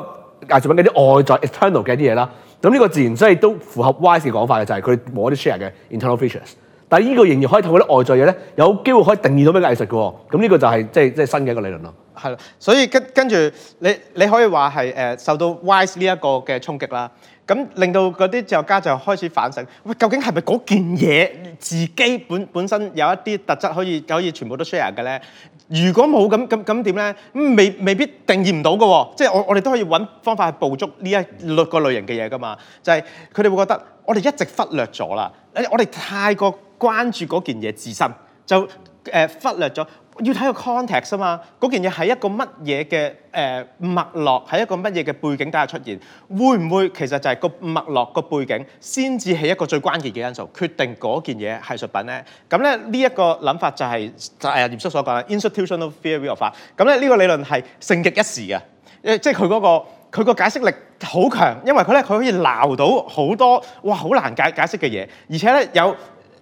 藝術品嗰啲外在 external 嘅一啲嘢啦。咁呢個自然所以都符合 Wise 嘅講法嘅，就係佢冇啲 share 嘅 internal features。但係呢個仍然可以透過啲外在嘢咧，有機會可以定義到咩嘅藝術嘅，喔。咁呢個就係即係即係新嘅一個理論咯。係啦，所以跟跟住你你可以話係、呃、受到 Wise 呢一個嘅衝擊啦，咁令到嗰啲哲學家就開始反省：喂，究竟係咪嗰件嘢自己本本身有一啲特質可以可以全部都 share 嘅咧？如果冇咁咁咁點咧？咁未未必定義唔到㗎喎，即係我我哋都可以揾方法去捕捉呢一類個類型嘅嘢㗎嘛。就係佢哋會覺得我哋一直忽略咗啦，我哋太過關注嗰件嘢自身，就誒忽略咗。要睇個 context 啊嘛，嗰件嘢係一個乜嘢嘅誒脈絡，喺一個乜嘢嘅背景底下出現，會唔會其實就係個脈絡個背景先至係一個最關鍵嘅因素，決定嗰件嘢係藝術品咧？咁咧呢一個諗法就係就係嚴叔所講啦，institutional theory of art。咁咧呢個理論係盛極一時嘅，誒即係佢嗰個佢個解釋力好強，因為佢咧佢可以鬧到好多哇好難解解釋嘅嘢，而且咧有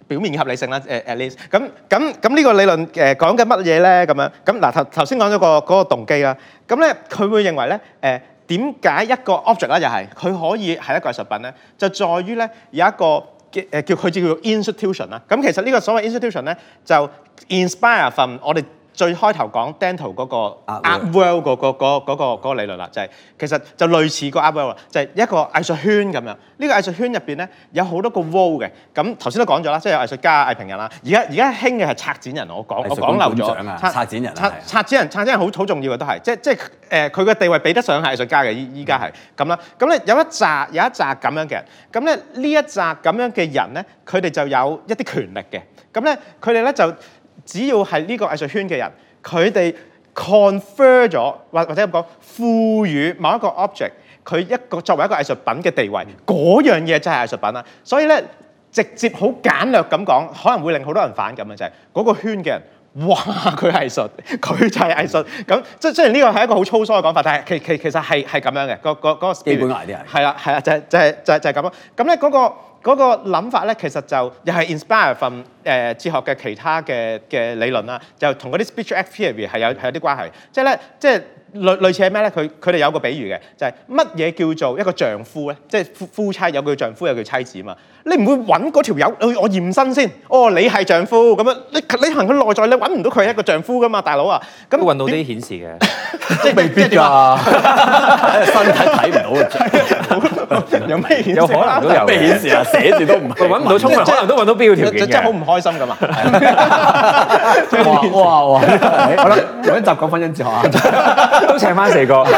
表面合理性啦，誒 at least，咁咁咁呢個理論誒講緊乜嘢咧？咁樣咁嗱頭頭先講咗個嗰個動機啦，咁咧佢會認為咧誒點解一個 object 咧又係佢可以係一個藝術品咧？就在於咧有一個叫誒叫佢叫叫做 institution 啦。咁其實呢個所謂 institution 咧就 inspire from 我哋。最開頭講 dental 嗰個 art world 嗰、那個嗰嗰、那個那個那個、理論啦，就係、是、其實就類似 world，就個 art world、這個、啦，就係一個藝術圈咁樣。呢個藝術圈入邊咧，有好多個 role 嘅。咁頭先都講咗啦，即係有藝術家、藝評人啦。而家而家興嘅係策展人，我講我講漏咗。策展人，策展人，策展人好好重要嘅都係，即係即係誒佢個地位比得上係藝術家嘅依依家係咁啦。咁、嗯、咧有一扎有一扎咁樣嘅人，咁咧呢一扎咁樣嘅人咧，佢哋就有一啲權力嘅。咁咧佢哋咧就。只要係呢個藝術圈嘅人，佢哋 confer 咗，或或者咁講，賦予某一個 object 佢一個作為一個藝術品嘅地位，嗰樣嘢就係藝術品啦。所以咧，直接好簡略咁講，可能會令好多人反感嘅就係、是、嗰個圈嘅人，哇！佢藝術，佢就係藝術。咁即係雖然呢個係一個好粗疏嘅講法，但係其其其實係係咁樣嘅。嗰個基本 idea 係。係啦，係啦，就係、係、就係、就就咁咁咧嗰個諗、嗰個、法咧，其實就又係 inspire from 哲、呃、學嘅其他嘅嘅理論啦。就同嗰啲 speech act theory 係有係有啲關係。即係咧，即、係類類似係咩咧？佢佢哋有個比喻嘅，就係乜嘢叫做一個丈夫咧？即係夫夫妻有個叫丈夫有個叫妻子嘛？你唔會揾嗰條友，我我驗身先，哦，你係丈夫咁樣，你你行佢內在，你揾唔到佢係一個丈夫㗎嘛，大佬 啊！咁都揾到啲顯示嘅，即係未必㗎，身體睇唔到。 有咩有可能都有未顯示啊！寫字都唔揾唔到充分，就是、都揾到必要條件嘅，真係好唔開心咁啊 就是！哇哇！哇 欸、好啦，第 一集講婚姻哲學， 都請翻四個。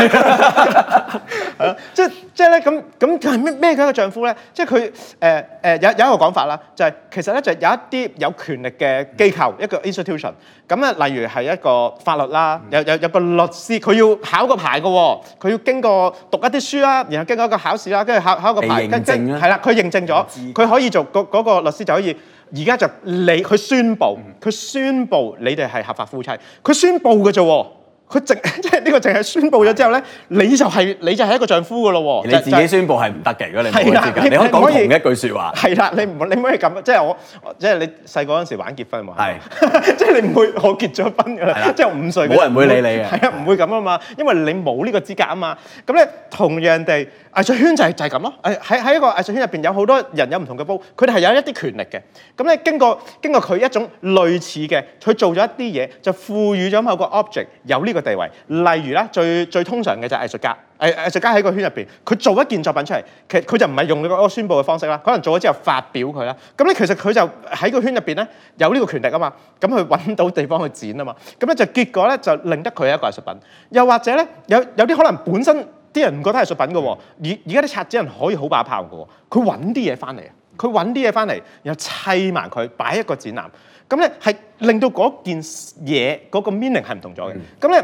即即咧咁咁係咩咩咁嘅丈夫咧？即係佢誒誒有有一個講法啦，就係、是、其實咧就有一啲有權力嘅機構、嗯、一個 institution，咁啊，例如係一個法律啦、嗯，有有有個律師，佢要考個牌嘅喎，佢要經過讀一啲書啦，然後經過一個考試啦。跟住考考個牌，跟住係啦，佢認證咗，佢可以做嗰個律師就可以。而家就你去宣布，佢宣、宣布你哋係合法夫妻，佢宣布嘅啫。佢淨即係呢個淨係宣布咗之後咧，你就係、係、你就係一個丈夫嘅咯。你自己宣布係唔得嘅，如果你冇資格你，你可以講同一句説話。係啦，你唔你唔可以咁，即係我、我即係你細個嗰陣時玩結婚嘛。係， 即係你唔會我結咗婚嘅啦，即係五歲。冇人會理你啊！係啊，唔會咁啊嘛，因為你冇呢個資格啊嘛。咁咧，同樣地。藝術圈就係就係咁咯，喺喺一個藝術圈入邊有好多人有唔同嘅煲，佢哋係有一啲權力嘅。咁咧經過經過佢一種類似嘅，佢做咗一啲嘢就賦予咗某個 object 有呢個地位。例如咧最最通常嘅就係藝術家，藝藝術家喺個圈入邊，佢做咗一件作品出嚟，其實佢就唔係用你個宣布嘅方式啦，可能做咗之後發表佢啦。咁咧其實佢就喺個圈入邊咧有呢個權力啊嘛，咁去揾到地方去展啊嘛。咁咧就結果咧就令得佢係一個藝術品。又或者咧有有啲可能本身。啲人唔覺得係藝術品嘅喎，而而家啲策展人可以好把炮嘅喎，佢揾啲嘢翻嚟啊，佢揾啲嘢翻嚟，然後砌埋佢，擺一個展覽，咁咧係令到嗰件嘢嗰個 meaning 係唔同咗嘅。咁咧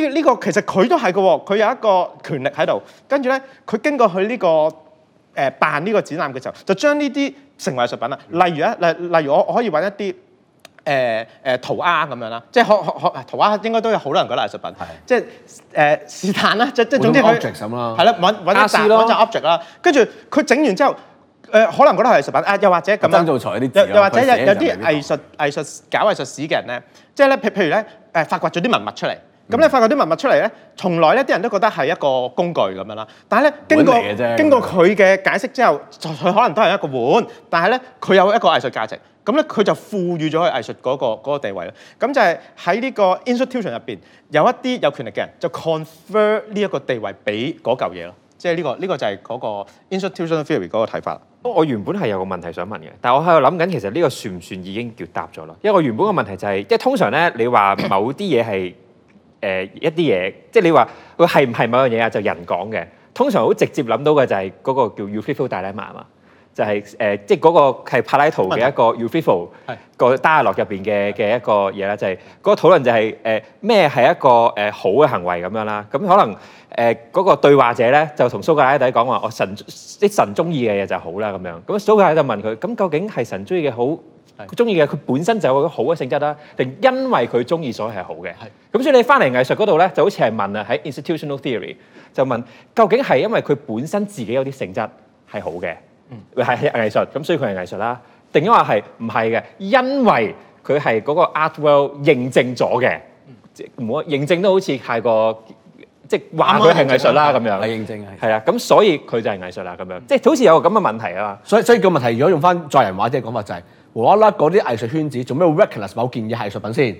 呢呢個其實佢都係嘅喎，佢有一個權力喺度，跟住咧佢經過佢呢個誒辦呢個展覽嘅時候，就將呢啲成為藝術品啦。例如啊，例例如我我可以揾一啲，誒誒塗鴉咁樣啦，即係學學學塗鴉應該都有好多人覺得藝術品，即係誒是但啦，即即總之佢係啦，揾揾一隻揾隻 object 啦，跟住佢整完之後，誒可能覺得係藝術品，啊又或者咁啊，又又或者有有啲藝術藝術搞藝術史嘅人咧，即係咧譬譬如咧誒發掘咗啲文物出嚟，咁咧發掘啲文物出嚟咧，從來咧啲人都覺得係一個工具咁樣啦，但係咧經過經過佢嘅解釋之後，佢可能都係一個碗，但係咧佢有一個藝術價值。咁咧，佢就賦予咗佢藝術嗰個嗰個地位咧。咁就係喺呢個 institution 入邊，有一啲有權力嘅人就 confer 呢一個地位俾嗰嚿嘢咯。即係呢、呢個呢、呢個就係嗰個 institutional theory 嗰個睇法。我原本係有個問題想問嘅，但係我喺度諗緊，其實呢個算唔算已經叫答咗咯？因為我原本個問題就係、是，即係通常咧，你話某啲嘢係誒一啲嘢，即係你話佢係唔係某樣嘢啊？就人講嘅，通常好直接諗到嘅就係嗰個叫 Euthyphro dilemma 嘛。就係誒，即係嗰個係柏拉圖嘅一個 Euthyphro 個 Dialogue 入邊嘅嘅一個嘢啦，就係嗰個討論就係誒咩係一個誒好嘅行為咁樣啦。咁可能誒嗰個對話者咧就同蘇格拉底講話，我神即神中意嘅嘢就好啦咁樣。咁蘇格拉底就問佢，咁究竟係神中意嘅好，佢中意嘅佢本身就有一個好嘅性質啦，定因為佢中意所以係好嘅？咁所以你翻嚟藝術嗰度咧，就好似係問啊喺 institutional theory 就問，究竟係因為佢本身自己有啲性質係好嘅？嗯，係藝術咁，所以佢係藝術啦。定話係唔係嘅？因為佢係嗰個 Art World 認證咗嘅、嗯，即認證都好似係個即係話佢係藝術啦咁、嗯嗯嗯嗯、樣。係認證係。啊、嗯，咁所以佢就係藝術啦咁樣。即係好似有個咁嘅問題啊嘛。所以他的所以，所以個問題，如果用翻在人話即係講法就係、是，無啦啦嗰啲藝術圈子做咩 recognise 某件藝術品先？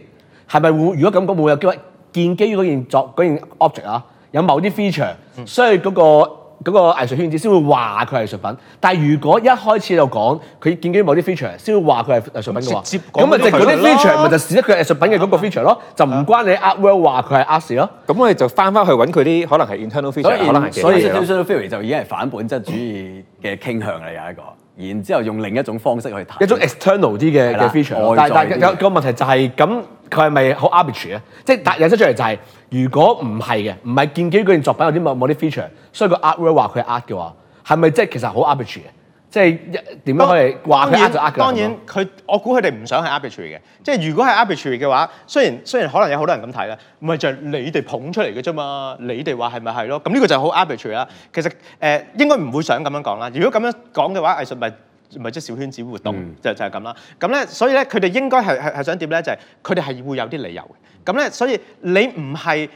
係咪會如果咁講，有機會有機會建基於嗰件作嗰件 object 啊，有某啲 feature，、嗯、所以嗰、那個。嗰、那個藝術圈子先會話佢係藝術品，但係如果一開始就講佢見到某啲 feature 先會話佢係藝術品嘅話，咁咪就嗰啲 feature 咪就使得佢係藝術品嘅咁個 feature 咯，啊、就唔關你 Art World 話佢係 Artist 咯。咁、啊啊、我哋就翻翻去揾佢啲可能係 internal feature，可能嘅。所以所以 external feature 就已經係反本質主義嘅傾向嚟。有一個。然之後用另一種方式去談一種 external 啲嘅嘅 feature，但但有、那個問題就係、是、咁，佢係咪好 arbitrary 咧、嗯？即係引出出嚟就係、是。如果唔係嘅，唔係建基於嗰件作品有啲某某啲 feature，所以個 artwork 話佢呃嘅話，係咪即係其實好 arbitrary 嘅？即係一點樣可以話佢呃就呃㗎？當然，佢我估佢哋唔想係 arbitrary 嘅。即係如果係 arbitrary 嘅話，雖然雖然可能有好多人咁睇啦，唔係就係你哋捧出嚟嘅啫嘛，你哋話係咪係咯？咁呢個就係好 arbitrary 啦。其實誒、呃、應該唔會想咁樣講啦。如果咁樣講嘅話，藝術咪咪即係小圈子活動、嗯、就就係咁啦。咁咧，所以咧，佢哋應該係係係想點咧？就係佢哋係會有啲理由嘅。咁咧，所以你唔係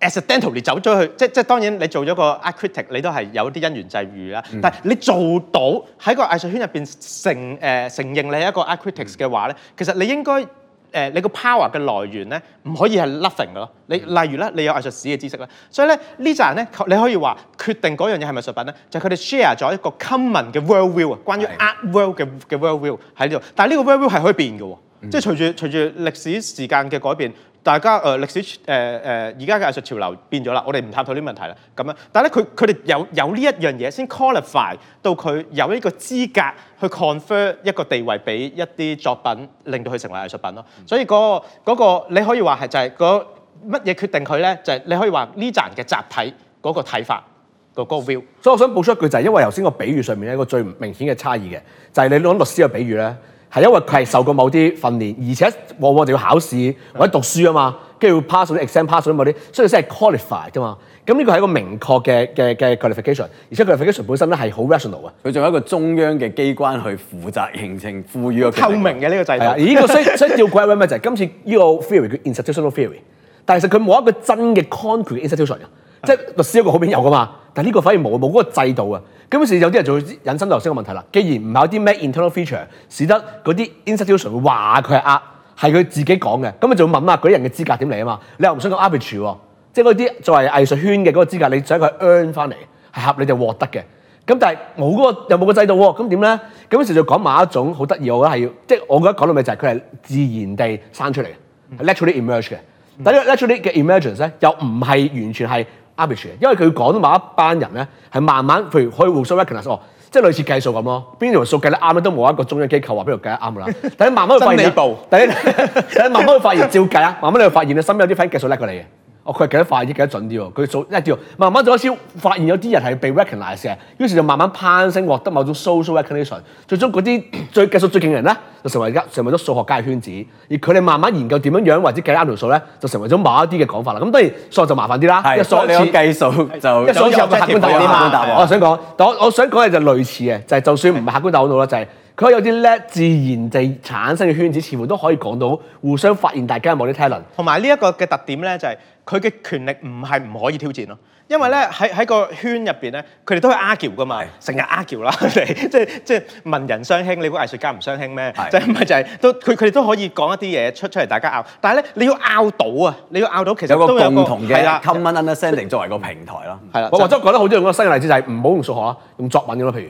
accidentally 走咗去，即即當然你做咗個 art critic，你都係有啲因緣際遇啦、嗯。但係你做到喺個藝術圈入邊承誒、呃、承認你係一個 art critic 嘅、嗯、話咧，其實你應該誒、呃、你個 power 嘅來源咧，唔可以係 nothing 嘅咯。你、嗯、例如咧，你有藝術史嘅知識啦，所以咧呢扎人咧，你可以話決定嗰樣嘢係咪藝術品咧，就係佢哋 share 咗一個 common 嘅 world view 啊，關於 art world 嘅嘅 world view 喺呢度。但係呢個 world view 係可以變嘅、嗯，即係隨住隨住歷史時間嘅改變。大家誒、呃、歷史誒誒而家嘅藝術潮流變咗啦，我哋唔探討呢個問題啦。咁但係咧佢佢哋有有呢一樣嘢先 qualify 到佢有呢個資格去 confer 一個地位俾一啲作品，令到佢成為藝術品咯。所以嗰、那個那個你可以話係就係嗰乜嘢決定佢咧？就係、是、你可以話呢羣嘅集體嗰、那個睇法嗰、那個 view。所以我想補充一句就係、是、因為頭先個比喻上面一個最明顯嘅差異嘅就係、是、你攞律師嘅比喻咧。係因為佢係受過某啲訓練，而且往往就要考試或者讀書啊嘛，跟住要 pass 咗啲 exam，pass 咗啲某啲，所以先係 qualified 㗎嘛。咁呢個係一個明確嘅嘅嘅 qualification，而且 qualification 本身咧係好 rational 嘅。佢仲有一個中央嘅機關去負責形成、賦予個透明嘅呢、這個制度。啊、而呢、這個需所要 highlight 咩就係今次呢個 theory 叫 institutional theory，但係其實佢冇一個真嘅 concrete institution 啊，即係律師一個好邊有噶嘛。但係呢個反而冇冇嗰個制度啊！咁於是有啲人就會引申到頭先個問題啦。既然唔係有啲咩 internal feature 使得嗰啲 institution 會話佢係呃，係佢自己講嘅，咁你就會問啦，嗰啲人嘅資格點嚟啊嘛？你又唔想講 arbitrary、哦、即係嗰啲作為藝術圈嘅嗰個資格，你想佢 earn 翻嚟係合理就獲得嘅？咁但係冇嗰個又冇個制度喎？咁點咧？咁於是就講埋一種好得意，我覺得係即係我覺得講到咪就係佢係自然地生出嚟、mm.，literally 嘅，emerge 嘅。Mm. 但係 literally 嘅 emergence 咧又唔係完全係。因為佢講到某一班人呢，是係慢慢譬如可以互相 recognize 哦，即係類似計數咁咯。邊條數計得啱咧，都冇一個中央機構話邊條計得啱噶啦。但你慢慢會發現，部你，你，你慢慢去發現，照計慢慢你會發現你身邊有啲 friend 計數叻過你。哦，佢係計得快啲、計得準啲喎。佢做一條，慢慢就開始發現有啲人係被 recognize 嘅，於是就慢慢攀升，獲得某種 social recognition 最。最終嗰啲最技術最勁嘅人呢，就成為、成為咗數學家嘅圈子。而佢哋慢慢研究點樣樣或者計啱條數呢，就成為咗某一啲嘅講法啦。咁當然數學就麻煩啲啦，因為數學就因為數學有冇客觀答案？我想講，我想講嘅就是類似嘅，就係、就算唔係客觀答案啦，就係、係。佢有啲叻，自然就產生嘅圈子，全部都可以講到互相發現大家有冇啲 talent。同埋呢一個嘅特點咧，就係佢嘅權力唔係唔可以挑戰咯。因為咧喺喺個圈入面咧，佢哋都係 argue 噶嘛，成日 argue 啦，即、就、即、是就是、文人相輕，你估藝術家唔相輕咩？就係、是、咪就係、是、都佢佢哋都可以講一啲嘢出出嚟，大家拗。但係咧，你要拗到啊，你要拗到其實有個共同嘅 common understanding 作為個平台咯。係啦，我、嗯、我覺得好中意用個新嘅例子，就係唔好用數學，用作品咁咯，譬如。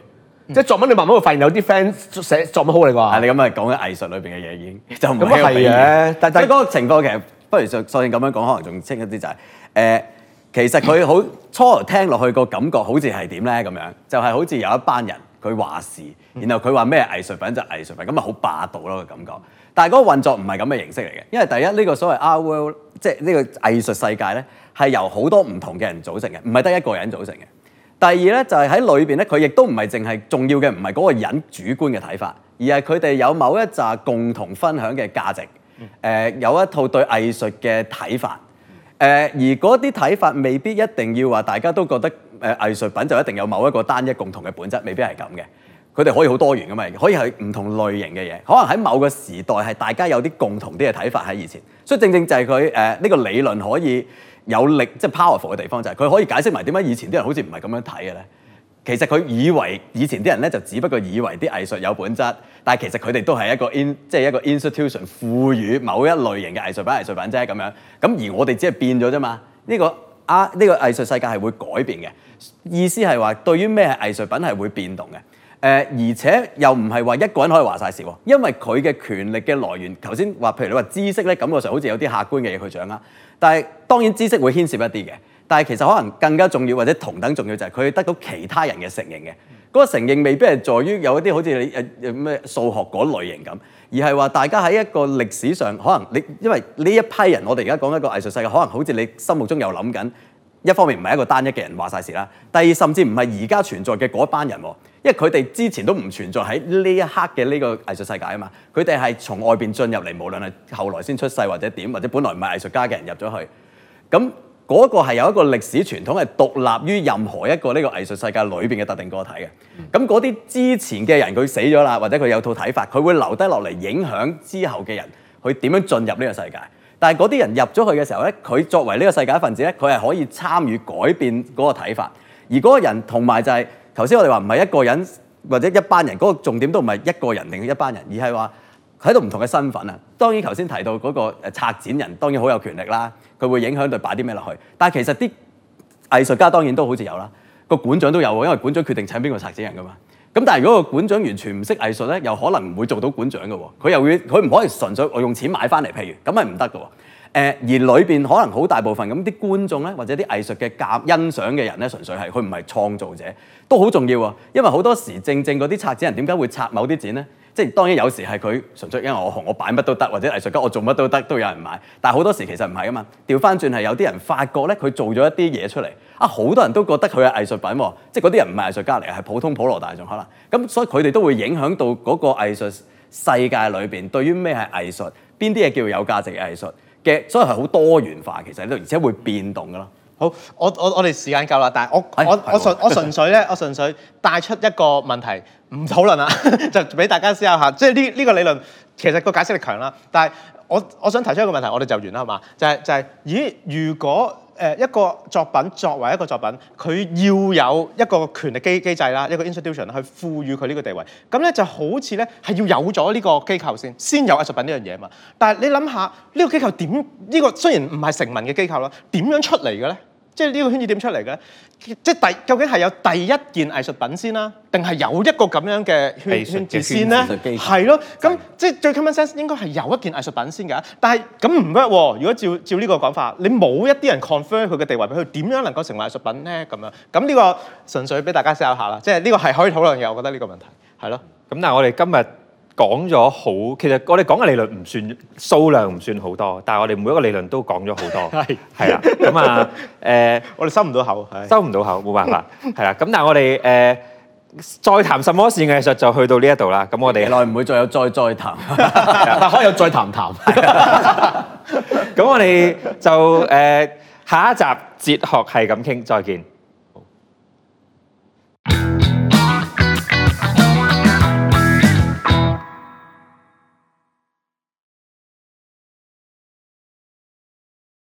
即係作文，你慢慢會發現有啲 friend 寫作文好你話？係你咁啊講緊藝術裏邊嘅嘢已經就唔清咁啊嘅。但係嗰個情況，其實不如索性咁樣講，可能仲清一啲就係、是、誒、呃，其實佢好 初聽落去個感覺好似係點咧咁樣，就係、是、好似有一班人佢話事，然後佢話咩藝術品就藝術品，咁啊好霸道咯個感覺。但係嗰個運作唔係咁嘅形式嚟嘅，因為第一呢、這個所謂 art world 即係呢個藝術世界咧，係由好多唔同嘅人組成嘅，唔係得一個人組成嘅。第二咧就係喺裏面咧，佢亦都唔係淨係重要嘅，唔係嗰個人主觀嘅睇法，而係佢哋有某一紮共同分享嘅價值、嗯呃，有一套對藝術嘅睇法，呃、而嗰啲睇法未必一定要話大家都覺得、呃、藝術品就一定有某一個單一共同嘅本質，未必係咁嘅，佢哋可以好多元噶嘛，可以係唔同類型嘅嘢，可能喺某個時代係大家有啲共同啲嘅睇法喺以前，所以正正就係佢呢個理論可以。有力即係、就是、powerful 嘅地方就係、是、佢可以解釋埋點解以前啲人好似唔係咁樣睇嘅咧。其實佢以為以前啲人咧就只不過以為啲藝術有本質，但係其實佢哋都係一個 in 即係一個 institution 賦予某一類型嘅藝術品藝術品啫咁樣。咁而我哋只係變咗啫嘛。呢、這個啊呢、這個藝術世界係會改變嘅。意思係話對於咩係藝術品係會變動嘅。誒，而且又唔係話一個人可以話晒事喎，因為佢嘅權力嘅來源，頭先話，譬如你話知識咧，感覺上好似有啲客觀嘅嘢去掌握，但係當然知識會牽涉一啲嘅，但係其實可能更加重要或者同等重要就係佢得到其他人嘅承認嘅嗰個承認，未必係在於有一啲好似你誒咩數學嗰類型咁，而係話大家喺一個歷史上可能你因為呢一批人，我哋而家講一個藝術世界，可能好似你心目中又諗緊一方面唔係一個單一嘅人話晒事啦，第二甚至唔係而家存在嘅嗰班人。因為佢哋之前都唔存在喺呢一刻嘅呢個藝術世界啊嘛，佢哋係從外邊進入嚟，無論係後來先出世或者點，或者本來唔係藝術家嘅人入咗去，咁嗰、嗰個係有一個歷史傳統係獨立於任何一個呢個藝術世界裏邊嘅特定個體嘅。咁嗰啲之前嘅人佢死咗啦，或者佢有套睇法，佢會留低落嚟影響之後嘅人佢點樣進入呢個世界。但係嗰啲人入咗去嘅時候呢，佢作為呢個世界一份子呢，佢係可以參與改變嗰個睇法，而嗰個人同埋就係、係。頭先我哋話唔係一個人或者一班人，嗰個重點都唔係一個人定一班人，而係話喺度唔同嘅身份啊。當然頭先提到嗰個誒策展人，當然好有權力啦，佢會影響到擺啲咩落去。但係其實啲藝術家當然都好似有啦，個館長都有，因為館長決定請邊個策展人噶嘛。咁但係如果個館長完全唔識藝術咧，又可能唔會做到館長㗎喎。佢又會佢唔可以純粹我用錢買翻嚟，譬如咁係唔得噶喎。誒、呃、而裏邊可能好大部分咁啲觀眾咧，或者啲藝術嘅鑑欣賞嘅人咧，純粹係佢唔係創造者都好重要啊。因為好多時正正嗰啲策展人點解會策某啲展咧？即係當然有時係佢純粹因為我紅我擺乜都得，或者藝術家我做乜都得都有人買。但係好多時其實唔係㗎嘛，掉返轉係有啲人發覺咧，佢做咗一啲嘢出嚟啊，好多人都覺得佢係藝術品喎、啊，即係嗰啲人唔係藝術家嚟，係普通普羅大眾可能咁，所以佢哋都會影響到嗰個藝術世界裏邊對於咩係藝術，邊啲嘢叫有價值嘅藝術。嘅，所以係好多元化，其實呢度而且會變動噶咯。好，我我我哋時間夠啦，但係我我我純我純粹咧，我純粹帶出一個問題，唔討論啦， 就俾大家思考一下。即係呢呢個理論其實個解釋力強啦，但係我我想提出一個問題，我哋就完啦，係嘛？就係、係、就係、係，咦？如果誒一個作品作為一個作品，佢要有一個權力機制啦，一個 institution 去賦予佢呢個地位，咁咧就好似咧係要有咗呢個機構先，先有藝術品呢樣嘢啊嘛。但係你諗下，呢個機構點？呢個雖然唔係成文嘅機構啦，點樣出嚟嘅咧？即係呢個圈子點出嚟嘅？即係第究竟係有第一件藝術品先啦，定係有一個咁樣嘅圈子先咧？係咯。咁即係最 common sense 應該係有一件藝術品先㗎。但係咁唔 work 喎。如果照照呢個講法，你冇一啲人 confirm 佢嘅地位俾佢，點樣能夠成為藝術品咧？咁樣咁呢個純粹俾大家笑下啦。即係呢個係可以討論嘅。我覺得呢個問題係咯。咁但係我哋今日，講咗好，其實我哋講嘅理論唔算數量，唔算好多，但係我哋每一個理論都講咗好多。係係啊，咁、嗯、啊，誒、嗯 嗯，我哋收唔到口，收唔到口，冇 辦法。係啦，咁但係我哋誒再談什麼是藝術，就去到呢一度啦。咁 我哋耐唔會再有再再談， 但可以有再談談。咁 是的、 嗯嗯、 我哋就誒、嗯、下一集哲學係咁傾，再見。